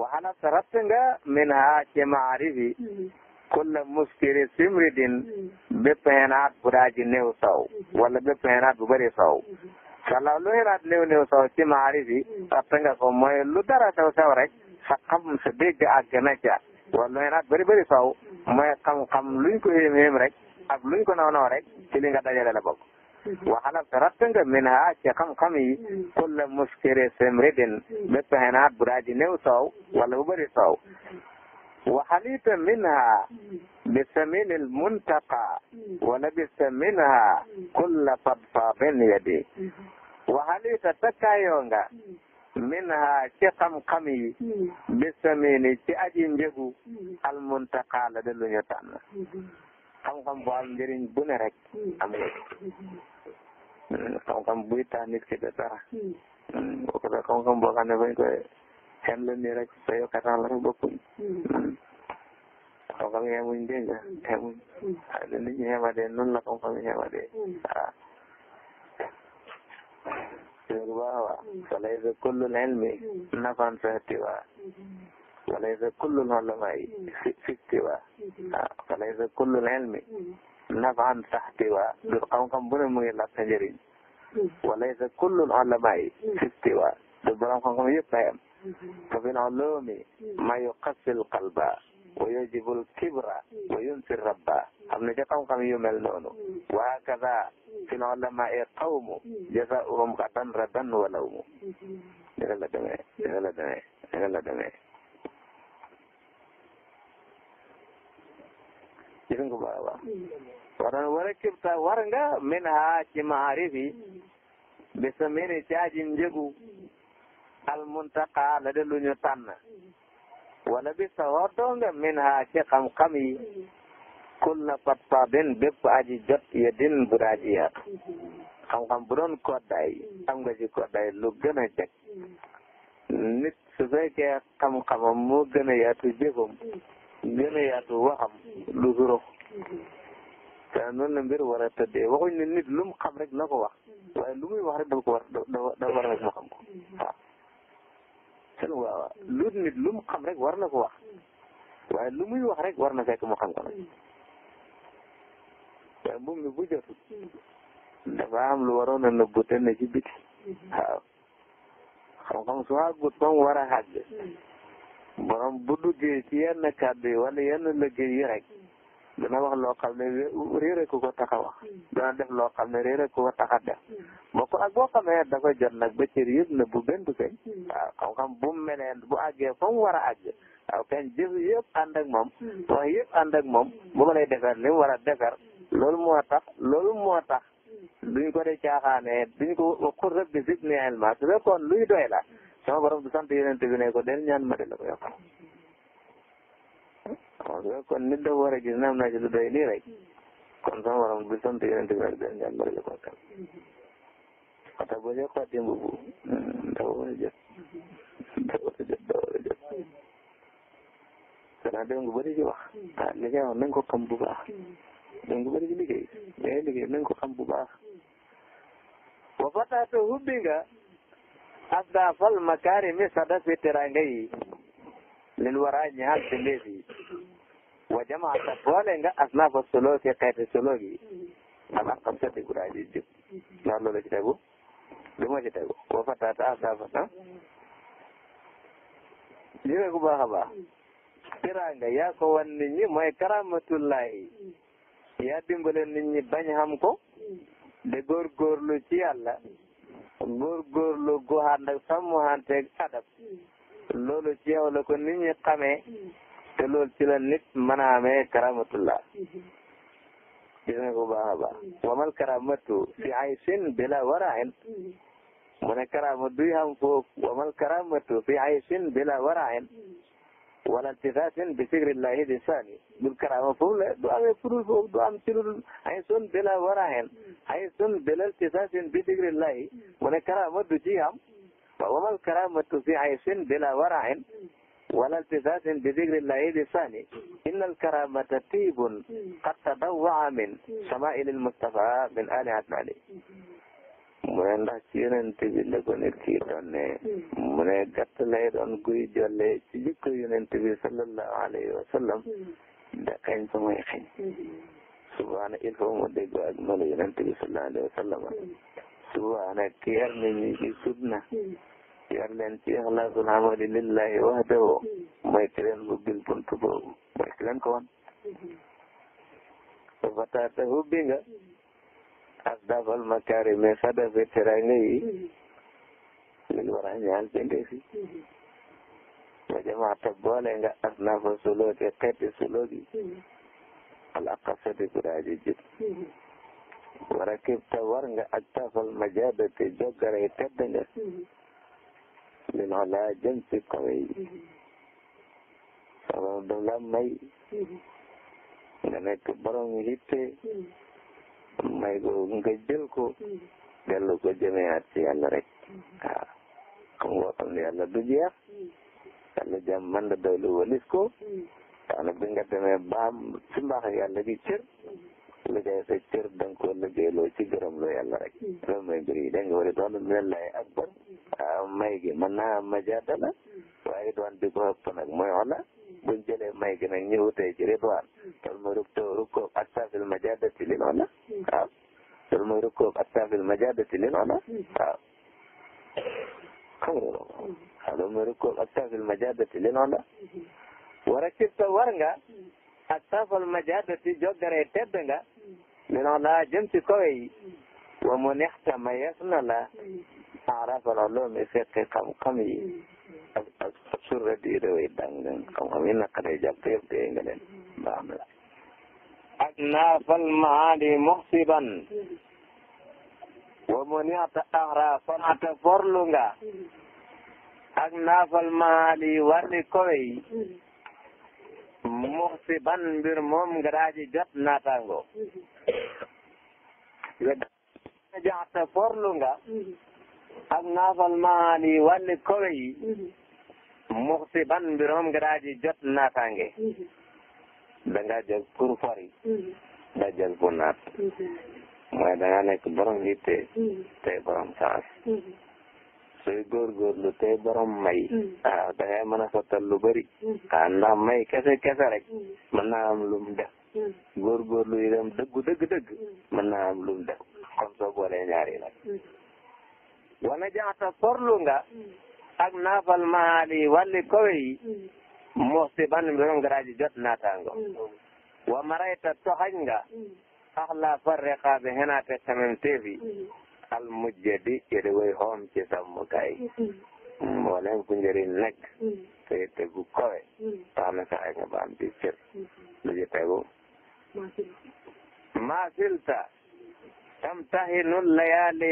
Speaker 1: waxala sa nga min ha ci maarifi kulla muskiri simridin mm-hmm. bépp xenaat bu daa ji néew sow mm-hmm. wala bépp xenaat bu bëri sow falaw mm-hmm. lu xenaat néew néew sow ci maari fi satt nga ko mooy lu dara sew sew rek sa xam sa dégg àgg na ca wala lu xenaat bëri bëri sow mooy xam-xam luñ ko yéem yéem rek ak luñ ko naw naw rek ci li nga dajale la bokk waxalab te ratt nga min ha ci xam-xam yi kulla muskiri simridin bépp xenaat bu daa ji néew sow wala bu bëri sow وحليت منها بثمن المنتقى ولبثت منها كل فضفاض يدي وحليت تكايونغا منها ci xam-xam yi bisamini ci aji njëgu almuntaqa la de lu ñu tànn xam-xam bu am njëriñ bu ne rek am nga xam-xam buy tànn nit ki de dara
Speaker 2: hmm.
Speaker 1: boo ko xam-xam boo xel la nii sa yokkatan la bokkuñ xam-xam yi xemuñ dégg nga xemuñ hmm. hmm. waaye lu nit ñi xemadee noonu la xam-xam yi xemadee waaw dégg baax waa walaysa hmm. kullul ilmi nafan sa tiwaa walaysa kullul ulamaay fi tiwaa waaw walaysa kullul ilmi nafan sa tiwaa lu xam-xam bu ne mu ngi laaj sa njëriñ walaysa kullul ulamaay fi fa min ulumi ma yuqassi alqalba wa yujibu alkibra wa yunsi rabba xam ne ca xam-xam yu mel noonu wa hakada fi ulama e qawmu jazaa'uhum gadan radan wa lawmu dina la demee dina la demee dina la demee gis nga baax a baax waran war kibta war nga min ha ci maarif yi bisa mini ci aji al muntaqa la de lu ñu wala bi sawar doo nga min ha ci xam-xam yi kulla pattabin bépp aji jot yedin bu daaji yar xam-xam bu doon koddaay am nga ci koddaay lu gën a jeg nit su fekkee xam-xamam moo gën a yaatu jëfam gën a yaatu waxam lu surux te noonu la mbir war a tëddee waxuñ nit lu mu xam rek la ko wax waaye lu muy wax rek dafa war dafa war a mu xam ko sën waaw lu nit lu mu xam rek war na ko wax waaye lu muy wax rek war na fekk mu xam ko nag waaye mbubb mi bu jotut dafa am lu waroon a nëbbu te ne ci biti waaw xam-xam su àggut ba mu war a àgg borom bu duggee ci yenn kàddu yi wala yenn liggéey yi rek dana wax loo xam ne réere ku ko tax a wax dana def loo xam ne réere ku ko tax a def ko ak boo xamee dafa jot nag ba cër yëpp na bu gën du kañ waaw xam-xam bu mu meneen bu àggee fa mu war a àgg waaw kañ jëf yëpp ànd ak moom wax yëpp ànd ak moom bu ma lay defar li mu war a defar loolu moo tax loolu moo tax ñu ko de caaxaanee duñ ko xur rëb bi zidni ilma su fekkoon luy doy la sama borom bu sant yonent bi ne ko del ñaan ma di la ko yokkal xam nga kon nit dafa war a gis ne am naa ci lu doy nii rek kon sama borom bi sant yonent bi rek dañ daan bëri ko kan ata boo see xotti mbubu mm, dafa war a jot dafa war a jot dafa war a jot danaa dem gu bëri ci wax ah li ngay wax na nga ko xam bu baax dem gu bëri ci liggéey li ngay liggéey na nga ko xam bu baax wa fataata hubbi nga abdaafal makaarimi sada si teraanga yi lil wara ñaal bindéef yi wa jamaata boole nga asnaafa solooki xeeti solooki ala xam sa déglu daal di jub ndax loolu ci tegu lu ma ci tegu boo fàttaata ah wan nit ñi mooy karamatullahi yaa dimbale nit ñi bañ xam ko. de góorgóorlu ci yàlla. góorgóorlu gu ànd ak sàmmante ak adab. loolu ci yow la ko nit ñi a amee karamatullah gis nga ko baax a baax wamal karamatu fi aysin bila warain mu wala iltifatin bi sikrillahi di sani dul karama foofu du amee pudul foofu du am ci dul aysun bila warain aysun bila iltifatin bi sikrillahi mu ne ci xam fa wamal karamatu fi haysin bila warahin wala iltisaasin bi dikri llahi lisani inna alkaramata tiibun qad tadawwaa min samaa'il almustafa min ali adnani mu ne ndax ci yonent bi la ko kii doonne mu ne lay doon guy jolle ci jikko yonent bi sallallahu alayhi wa sallam da xeeñ fa muy xeeñ subhaana il faut mu déggoo ak melo yonent bi sallallahu alayhi wa sallam subhanak ki yar nit ñi ci sunna yar leen ci ixlaasul amali lillahi wahdahu mooy ki leen ubbil bunt boobu mooy ki leen ko wan so fataata hubbi nga asdafal makarimi sadafi teranga yi lil wara ñaal bendefi wa jamaata boole nga asnafa sulooki xeeti sulooki al aqasati guraaji jub warakib te war nga ak tafal majaadati joggaray tedd nga lil olaa jëm ci kawe yi sabab du may nga nekk borom yitte may ko nga jël ko dellu ko jëmeyaat ci yàlla rek waaw xam nga xam ne yàlla man la doylu walis ko tax na bi nga demee baam gi cër lu jaay sa cër da nga koo liggéeyloo ci gërëm loo yàlla rek hmm. loolu mooy mbir yi dégg nga doon lillahi akbar ah, may gi mën naa am majaada la hmm. waaye doon di ko ëpp nag mooy xola hmm. buñ jëlee may gi nag ñëwutee ci ridwaan loolu mooy rukk rukkoob ak saafil majaadati li noona waaw loolu mooy rukkoob ak saafil majaadati li noona waaw xam nga loolu ah, mooy rukkoob ak saafil majaadati li noona war war nga ak safal majaadati joggare tedd nga minoo laa jëm ci kawe yi wa mu nexta ma yees na la arafal ulumi fiqi xam-xam yi ak ak surra di réwéy dang leen xam-xam yi naka day jàpp yëpp dee nga leen baax na la ak naafal maali muxsiban wa mu nexta axra fanata forlu nga ak naafal maali wàlli kawe yi muxsiban mbir moom nga daaji jot naataango mm-hmm. jaxta forlu nga mm-hmm. ak naafal maani wàlli kowe yi mm-hmm. muxsiban mbir moom nga daaji jot naataange danga jël pour fori da jël bu naat mooy danga nekk borom yitte tey borom chance sooy góorgóorlu tey borom may waaw mm. ah, da ngay mën a sottal lu bëri waaw mm. ah, ndax may kese kese rek mm. mën naa am lu mu def góorgóorlu yi dëggu dëgg dëgg mën naa am lu mu def kon soo boolee ñaar yi nag wana jaxta sorlu nga ak naafal maali wàlli kowe yi moos si ban mbirum garaaji jot naataango wa marayta toxañ nga axla farriqaa bi xenaate xemem teefi al mujjadi cëri way xoom ci sàmmkaay mm-hmm. mboolem ku njëriñ nekk mm-hmm. te tegu kowe mm-hmm. tax na sax nga ba am di cër lu ci tegu maasilta tamtahinul layaali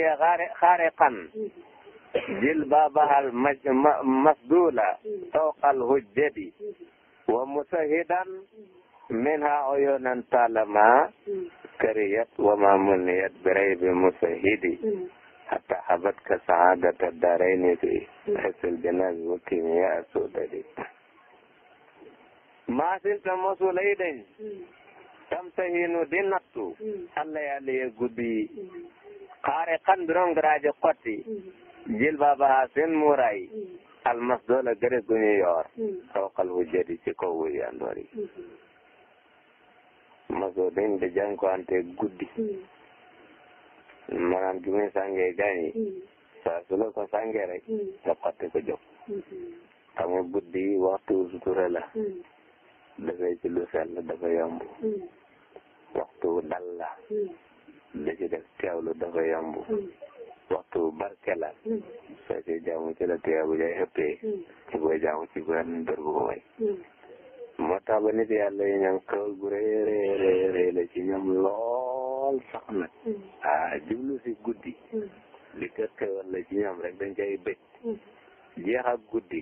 Speaker 1: xaariqan jilbaabahal masdula fawqal hujjadi wa musahidan منها عيونا طالما كريت وما منيت بريب مسهدي حتى حبتك سعادة الدارين في حيث الجناز وكيمياء سوددي ما زلت مسؤولين تمتهين دينك الله يلي غدي قارقا برون غراج قطي جلبابها سن موراي المصدول غري غنيور فوق الوجد في قوة يندوري masoo dañ di jànkuwante guddi hmm. maanaam gi muy sàngee gaañ yi hmm. saa su la rek nga hmm. xotti ko jóg guddi waxtu sutura la dafay ci lu sell dafa waxtu dal la da ci def teewlu waxtu barke la soo ci jaamu ci la teew jay xëppee ci booy jaamu ci benn dër bu ko may moo tax ba nit yàlla yi ñoom kaw gu rëy rëy rëy la ci ñoom lool sax nag mm. ah jublu si guddi mm. li ko xewal la ci ñoom rek dañ cay bëgg mm. jeex ak guddi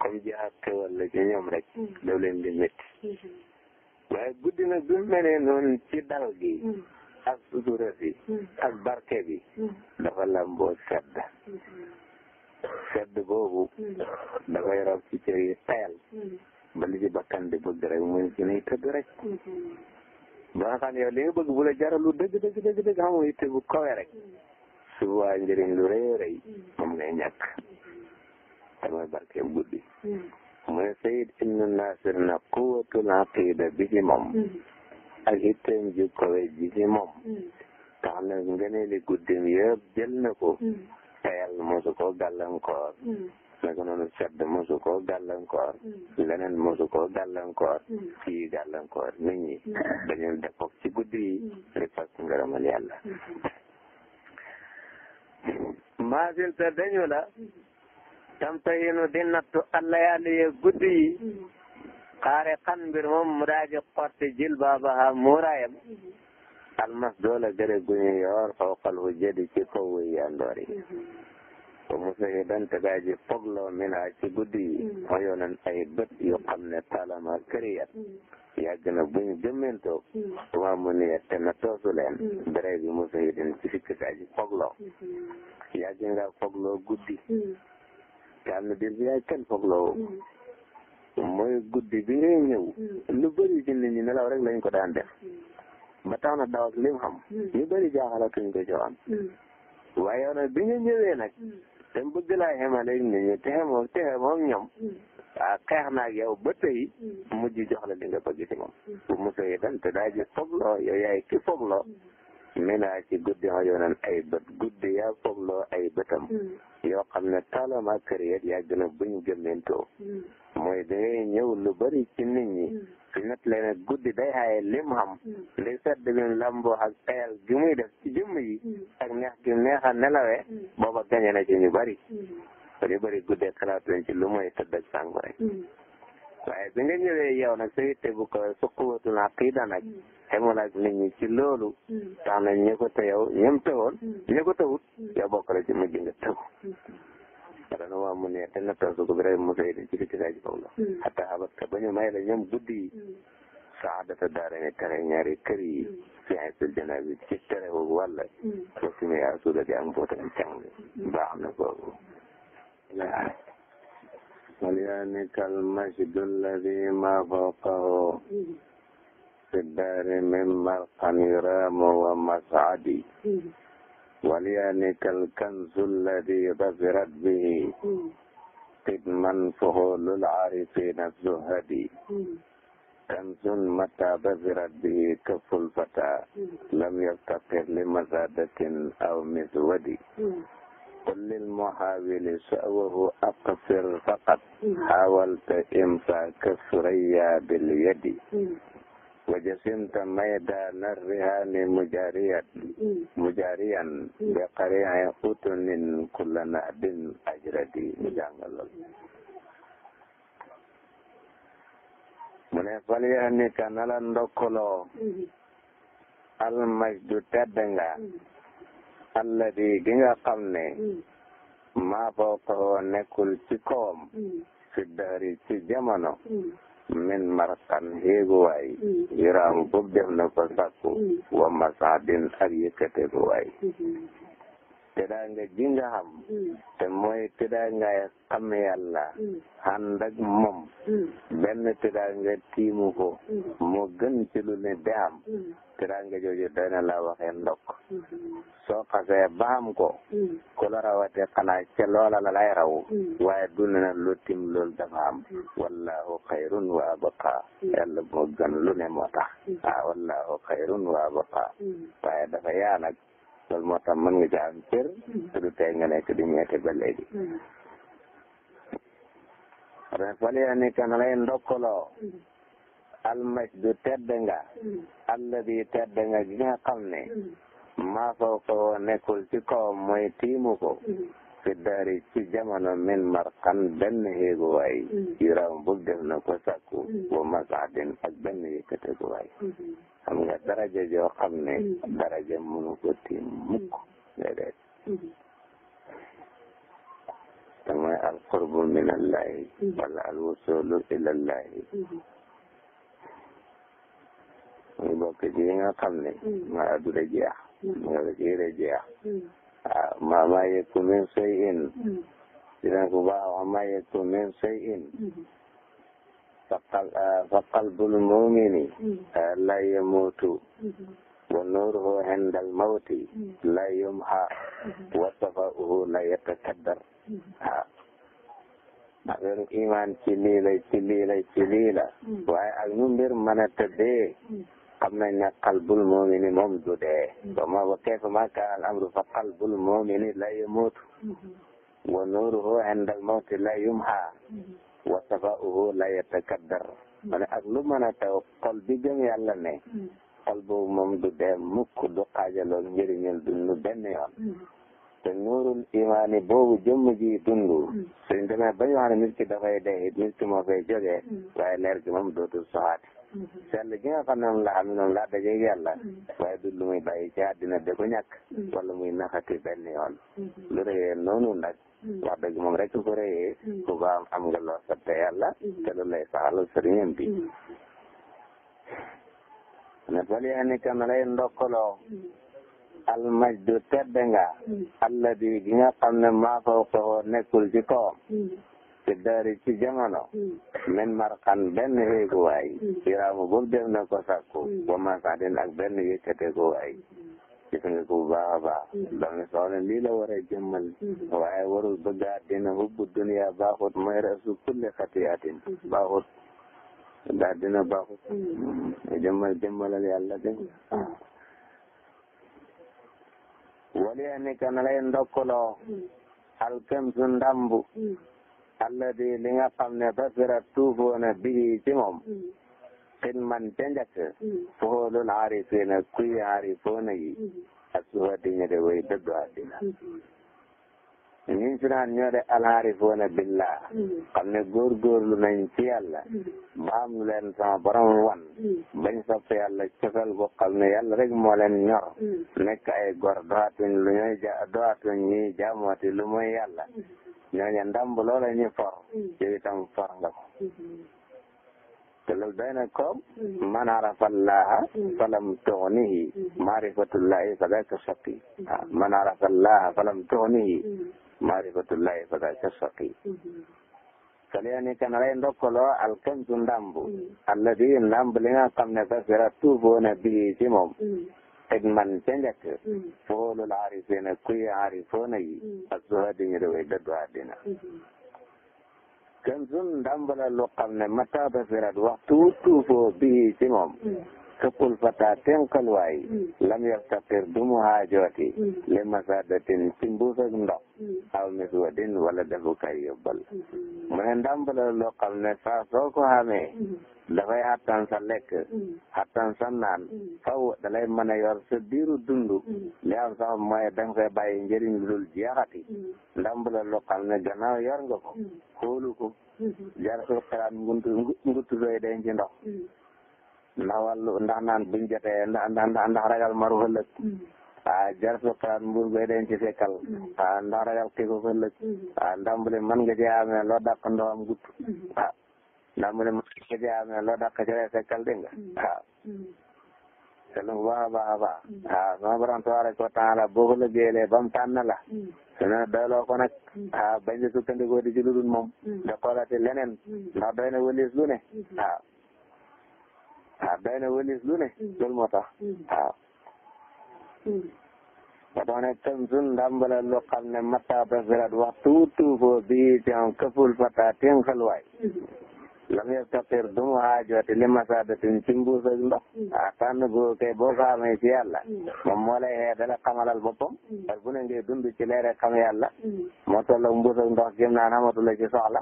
Speaker 1: kom jeex ak xewal la ci ñoom rek daf leen di mm-hmm. waaye guddi nag bi mu ci dal gi ak sutura ak barke bi dafa lamboo sedd mm-hmm. sedd boobu dafay rob ci cër yi tayal ba li ci bakkan di bëgg rek mooy ci nay
Speaker 2: mm-hmm.
Speaker 1: ba nga xam ne yow li nga bëgg bu la jaralu dëgg dëgg dëgg dëgg xamoo yitte bu kawe rek mm-hmm. su waa njëriñ lu rëy rëy mm-hmm. moom ngay ñàkk Sayid Ibnu Nasir na quwatul aqida bi ci moom ak itteem ju kawe ji ci moom tax na ngëneeli guddim yëpp jël na ko te yàlla mosu ko gàllankoor naka noonu sedd mosu koo gàllankoor hmm. leneen mosu koo gàllankoor fii gàllankoor nit ñi hmm. dañu def ko ci guddi yi hmm. di fas ngërëmal yàlla maasil te dañu la tamtahinu di nattu allayaali ye guddi yi xaare xan mbir moom mu daa ji xotti jilbaabaha muuraayam almas doola gëre guñu yoor fawqal hujjadi ci kaw wëy yandoor yi ba mu fexe dan tagaaji fogloo min ha ci guddi yi mayonan mm. ay bët yu xam ne talama këriyat mm. yàgg na bu ñu jëmmentoo mm. tuma mu ni te na toosu leen dara bi mu fexe den ci sikk kaaji fogloo yàgg nga fogloo guddi te am na dir bi yaay kenn fogloo mooy guddi bi ngay ñëw lu bëri ci nit ñi nelaw rek lañ ko daan def ba tax na dawas lim xam ñu bëri jaaxalatuñ ko ci woon waaye yow nag bi nga ñëwee nag te bëgg laa xamale nit ñi te xamoo te xamoo ñoom mm. ah xeex naa ak yow ba tey mm. mujj jox la li nga bëgg ci moom mm. bu mosoo yi dal daa ji fogloo yow yaay ki fogloo minaa ci guddi xajoo nan ay bët guddi yaa fogloo ay bëtam yoo xam ne talama kër yet yaa gën a buñ gëmmentoo mooy da ngay ñëw lu bari ci nit ñi su ñu leen a guddi day xaye lim xam mm. li sedd bi lamboo ak tayal gi muy def ci jëmm yi mm. ak neex gi neex a nelawee mm. booba gañe na ci ñu bari ñu bari guddee xalaat lañ ci lu mooy tëdd ak sàngu rek waaye bi nga ñëwee yow nag sa yitte bu ko su quwatu na qiida nag xemul ak nit ñi ci loolu tax na ñu ko te yow ñoom tëwoon ñu ko tëwut yow bokk ci mujj nga tëw xarala waa mu ne te nattal ko bi rek mu doy de ci li ci laaj kaw la. xataa xabat ka ba ñu may la ñoom guddi yi. saadata daara ni tere ñaari kër yi. fi ay sul janaa bi ci tere boobu wàll. soo fi muy asuula di am mbootaay càng baax na boobu. وليانك المجد الذي ما فوقه في الدار من مرقى يرام ومصعد وليانك الكنز الذي ظفرت به قدما فهول العارفين الزهدي كنز متى بذرت به كف الفتى لم يفتقر لمزادة أو مزود قل للمحاول شأوه أقصر فقط حاولت إمساك الثريا باليد وجسمت ميدان الرهان مجاريا مجاريا بقريع قطن كل نهب أجردي مجانغلل mu ne fal yaani ka nala ndokkoloo almajdu tedd nga alladi gi nga xam ne maa fawqahoo nekkul ci kawam fi daari ci jamono min markan xéeguwaay mm-hmm. yuraamu bopp def na ko sàkku mm-hmm. wa masaxdin ak yëkkateekuwaay mm-hmm. teddaanga ji nga xam te mooy teddaangay xam yàlla ànd ak moom benn teddaanga tiimu ko moo gën ci lu ne de teraanga jooju doy na la waxee ndokk
Speaker 2: mm-hmm.
Speaker 1: soo xasee ba am ko mm-hmm. ku la rawatee xanaa ca loola la lay raw mm-hmm. waaye du na lu tim loolu dafa am wallahu xayrun wa abqa yàlla lu ne moo tax ah wallahu xayrun wa abqa waaye dafa yaa nag loolu moo tax mën nga am cër te du tey nga nekk di ñeete ba léegi re fali ani kana lay almajdu tedd nga alladi tedd nga gi nga xam ne maa faw ko nekkul ci kawam mooy tiimu ko fi daari ci jamono min markan benn xéegu waay yuram bu def na ko sakku wa masadin ak benn yëkkategu waay xam nga daraja joo xam ne daraja mënu ko tiim mukk déedéet te mooy alqurbu min allahi wala alwusulu ila allahi ñu bokk ci yi nga xam ne. ma adduna jeex. ma adduna jeex. ah ma ma yegg min shay'in. dina ko baax ma ma yegg min shay'in. fa qalbul mu'mini la yamutu. wa nuruhu inda al-mawti la yumha. wa safa'uhu la yatakaddar. Mm-hmm. ah. affaire iman ci lii la ci lii la ci lii la. Mm. waaye ak nu mbir mm. mën a xam nañ ne qalbul mu'mini moom du dee ba ma ba kayfa ma kaana al amru fa qalbul mu'mini la yamuutu wa nuuruhu inda al mawti la yumhaa wa safa'uhu la yatakaddar ma ne ak lu mën a taw xol bi gëm yàlla ne xol boobu moom du dee mukk du xaajaloon njëriñal dundu benn yoon te nuurul imaani boobu jëmm ji dundu suñ demee ba ñu wax ne nit ki dafay dee it nit ki moo fay jógee waaye leer gi moom dootul soxaati sell gi nga xam ne moom laa xam ne moom laa dajeeg yàlla waaye du lu muy bàyyi ci àddina da wax dëgg moom rek ko rëyee ku ko am am nga loo sotte yàlla te lu lay saxalal sëriñam bi ne fali ani kan lay ndokkaloo almajdu tedd nga alladi gi nga xam ne maa fawqahu nekkul ci kawam fi daari ci jamono min hmm. marqan benn xéeguwaay hmm. iraamu boobu def na ko sàkku hmm. wa masadin ak benn yëkkateekuwaay gis ko bu baax a baax doomi soxna lii la war jëmmal waaye warul bëgg àddina hubbu dunya baaxut mooy rasu kulli xatiatin baaxut daa dina baaxut jëmmal jëmmalal yàlla de ah. wali nekk na lay ndokkaloo alkam su alladi li nga xam ne basira tuufoona bii ci moom xin hmm. man ca njëkk foolul hmm. aarifina kuy aarifoona yi hmm. a suufa di ñu de way dëddu àddina ñiñ fi naan ñoo de alxaarifoona billah xam ne góorgóorlu nañ ci yàlla ba am leen sama borom wan bañ sopp yàlla cofeel bu xam ne yàlla rek moo leen ñor nekk ay gor doxatuñ lu ñuy ja doxatuñ ñuy jaamooti lu mo yàlla ñooñu ndam loola ñuy for mm. yow itam for nga ko mm-hmm. te loolu doy na koom mm-hmm. man arafa allaha mm-hmm. falam tuxnihi maarifatullahi fadaka saqi waaw ah, man arafa allaha falam tuxnihi maarifatullahi fadaka saqi kaleeni kana lay ndokkoloo alkanzu ndambu alladi ndamb li nga xam ne fasira tuuboo na bii ci moom ak man hmm. ca njëkk foolul aarifina kuy aarifoona yi ak su àddina da way dëddu àddina hmm. kan sun ndàmbala lu xam ne mata basirat waxtu wu tuufoo bii ci moom hmm. tëkkul fata tenkalwaay mm. lam yaxtaqir du mu haajooti mm. li masadatin ci mbuus ak ndox mm. aw mis wadin wala defukaay yóbbal mu ne ndàmbala loo xam ne saa soo ko xamee dafay sa lekk xattan sa naan faw dalay mën a yor sa biiru dund li am sax mooy danga koy bàyyi njëriñ lu dul jeexati ndàmbala loo xam ne gannaaw yor nga ko xóolu ko mm-hmm. jartul xalaat ngutu ngutu doy denc ndox ndax wàllu ndax naan buñ jotee ndax ndax ndax ragal maru ëllëg mm. ah jar su xalaat mbuur bay denc fekkal mm. ah ndax ragal xiifu ëllëg mm. ah ndambule mën nga cee amee loo dàq ndox am gudd ah ndambule mën nga cee amee loo dàq ci lay fekkal dégg nga waaw ah. te lu baax a baax a baax ah sama borom tabaaraka wa taala boo ko liggéeyee ba mu tànn la su ne doyloo ko nag ah bañ la sukkandikoo di ci lu dul moom da xoolati leneen ndax doy na wëlis lu ne waaw ah. ah day na wëlis lu ne mm-hmm. loolu moo tax mm-hmm. waaw mm-hmm. ba tax ne tamsun ndàmbala lu xam ne matta basirat waxtu tuufoo bii ci am këful fata tinqal waay lam yastaqir du mu haajooti li masaadatin ci mbuus ak ndox ah tànn goo kay boo ko amee ci yàlla moom moo lay xee dala xamalal boppam parce que bu ne ngay dund ci leere xam yàlla moo toll ak mbuus ak ndox gém naan amatu la ci soxla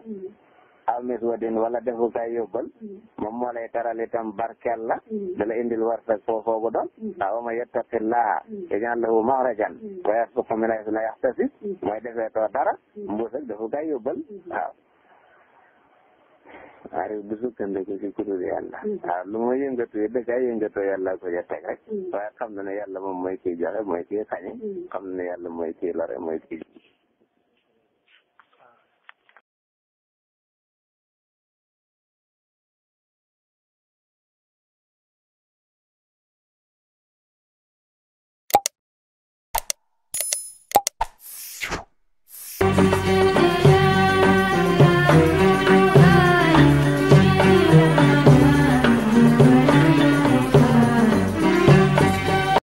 Speaker 1: aw mis wadin wala defukaay yóbbal mm-hmm. moom moo lay taral itam barkeel la mm-hmm. da la indil warsak foofoogu doon mm-hmm. waaw wa man yattaqillaha yaj'al lahu maxrajan wa yarzuqhu min haysu laa yaxtasib mooy defee too dara mbuus ak defukaay yóbbal waaw waaye du sukkandiku ci kuréel yàlla. waaw lu ma yëngatu yi da caa yëngatoo yàlla ko ca teg rek. waaye xam na ne yàlla moom mooy kiy joxe mooy kiy xañe. xam na ne mooy kiy lore mooy kiy.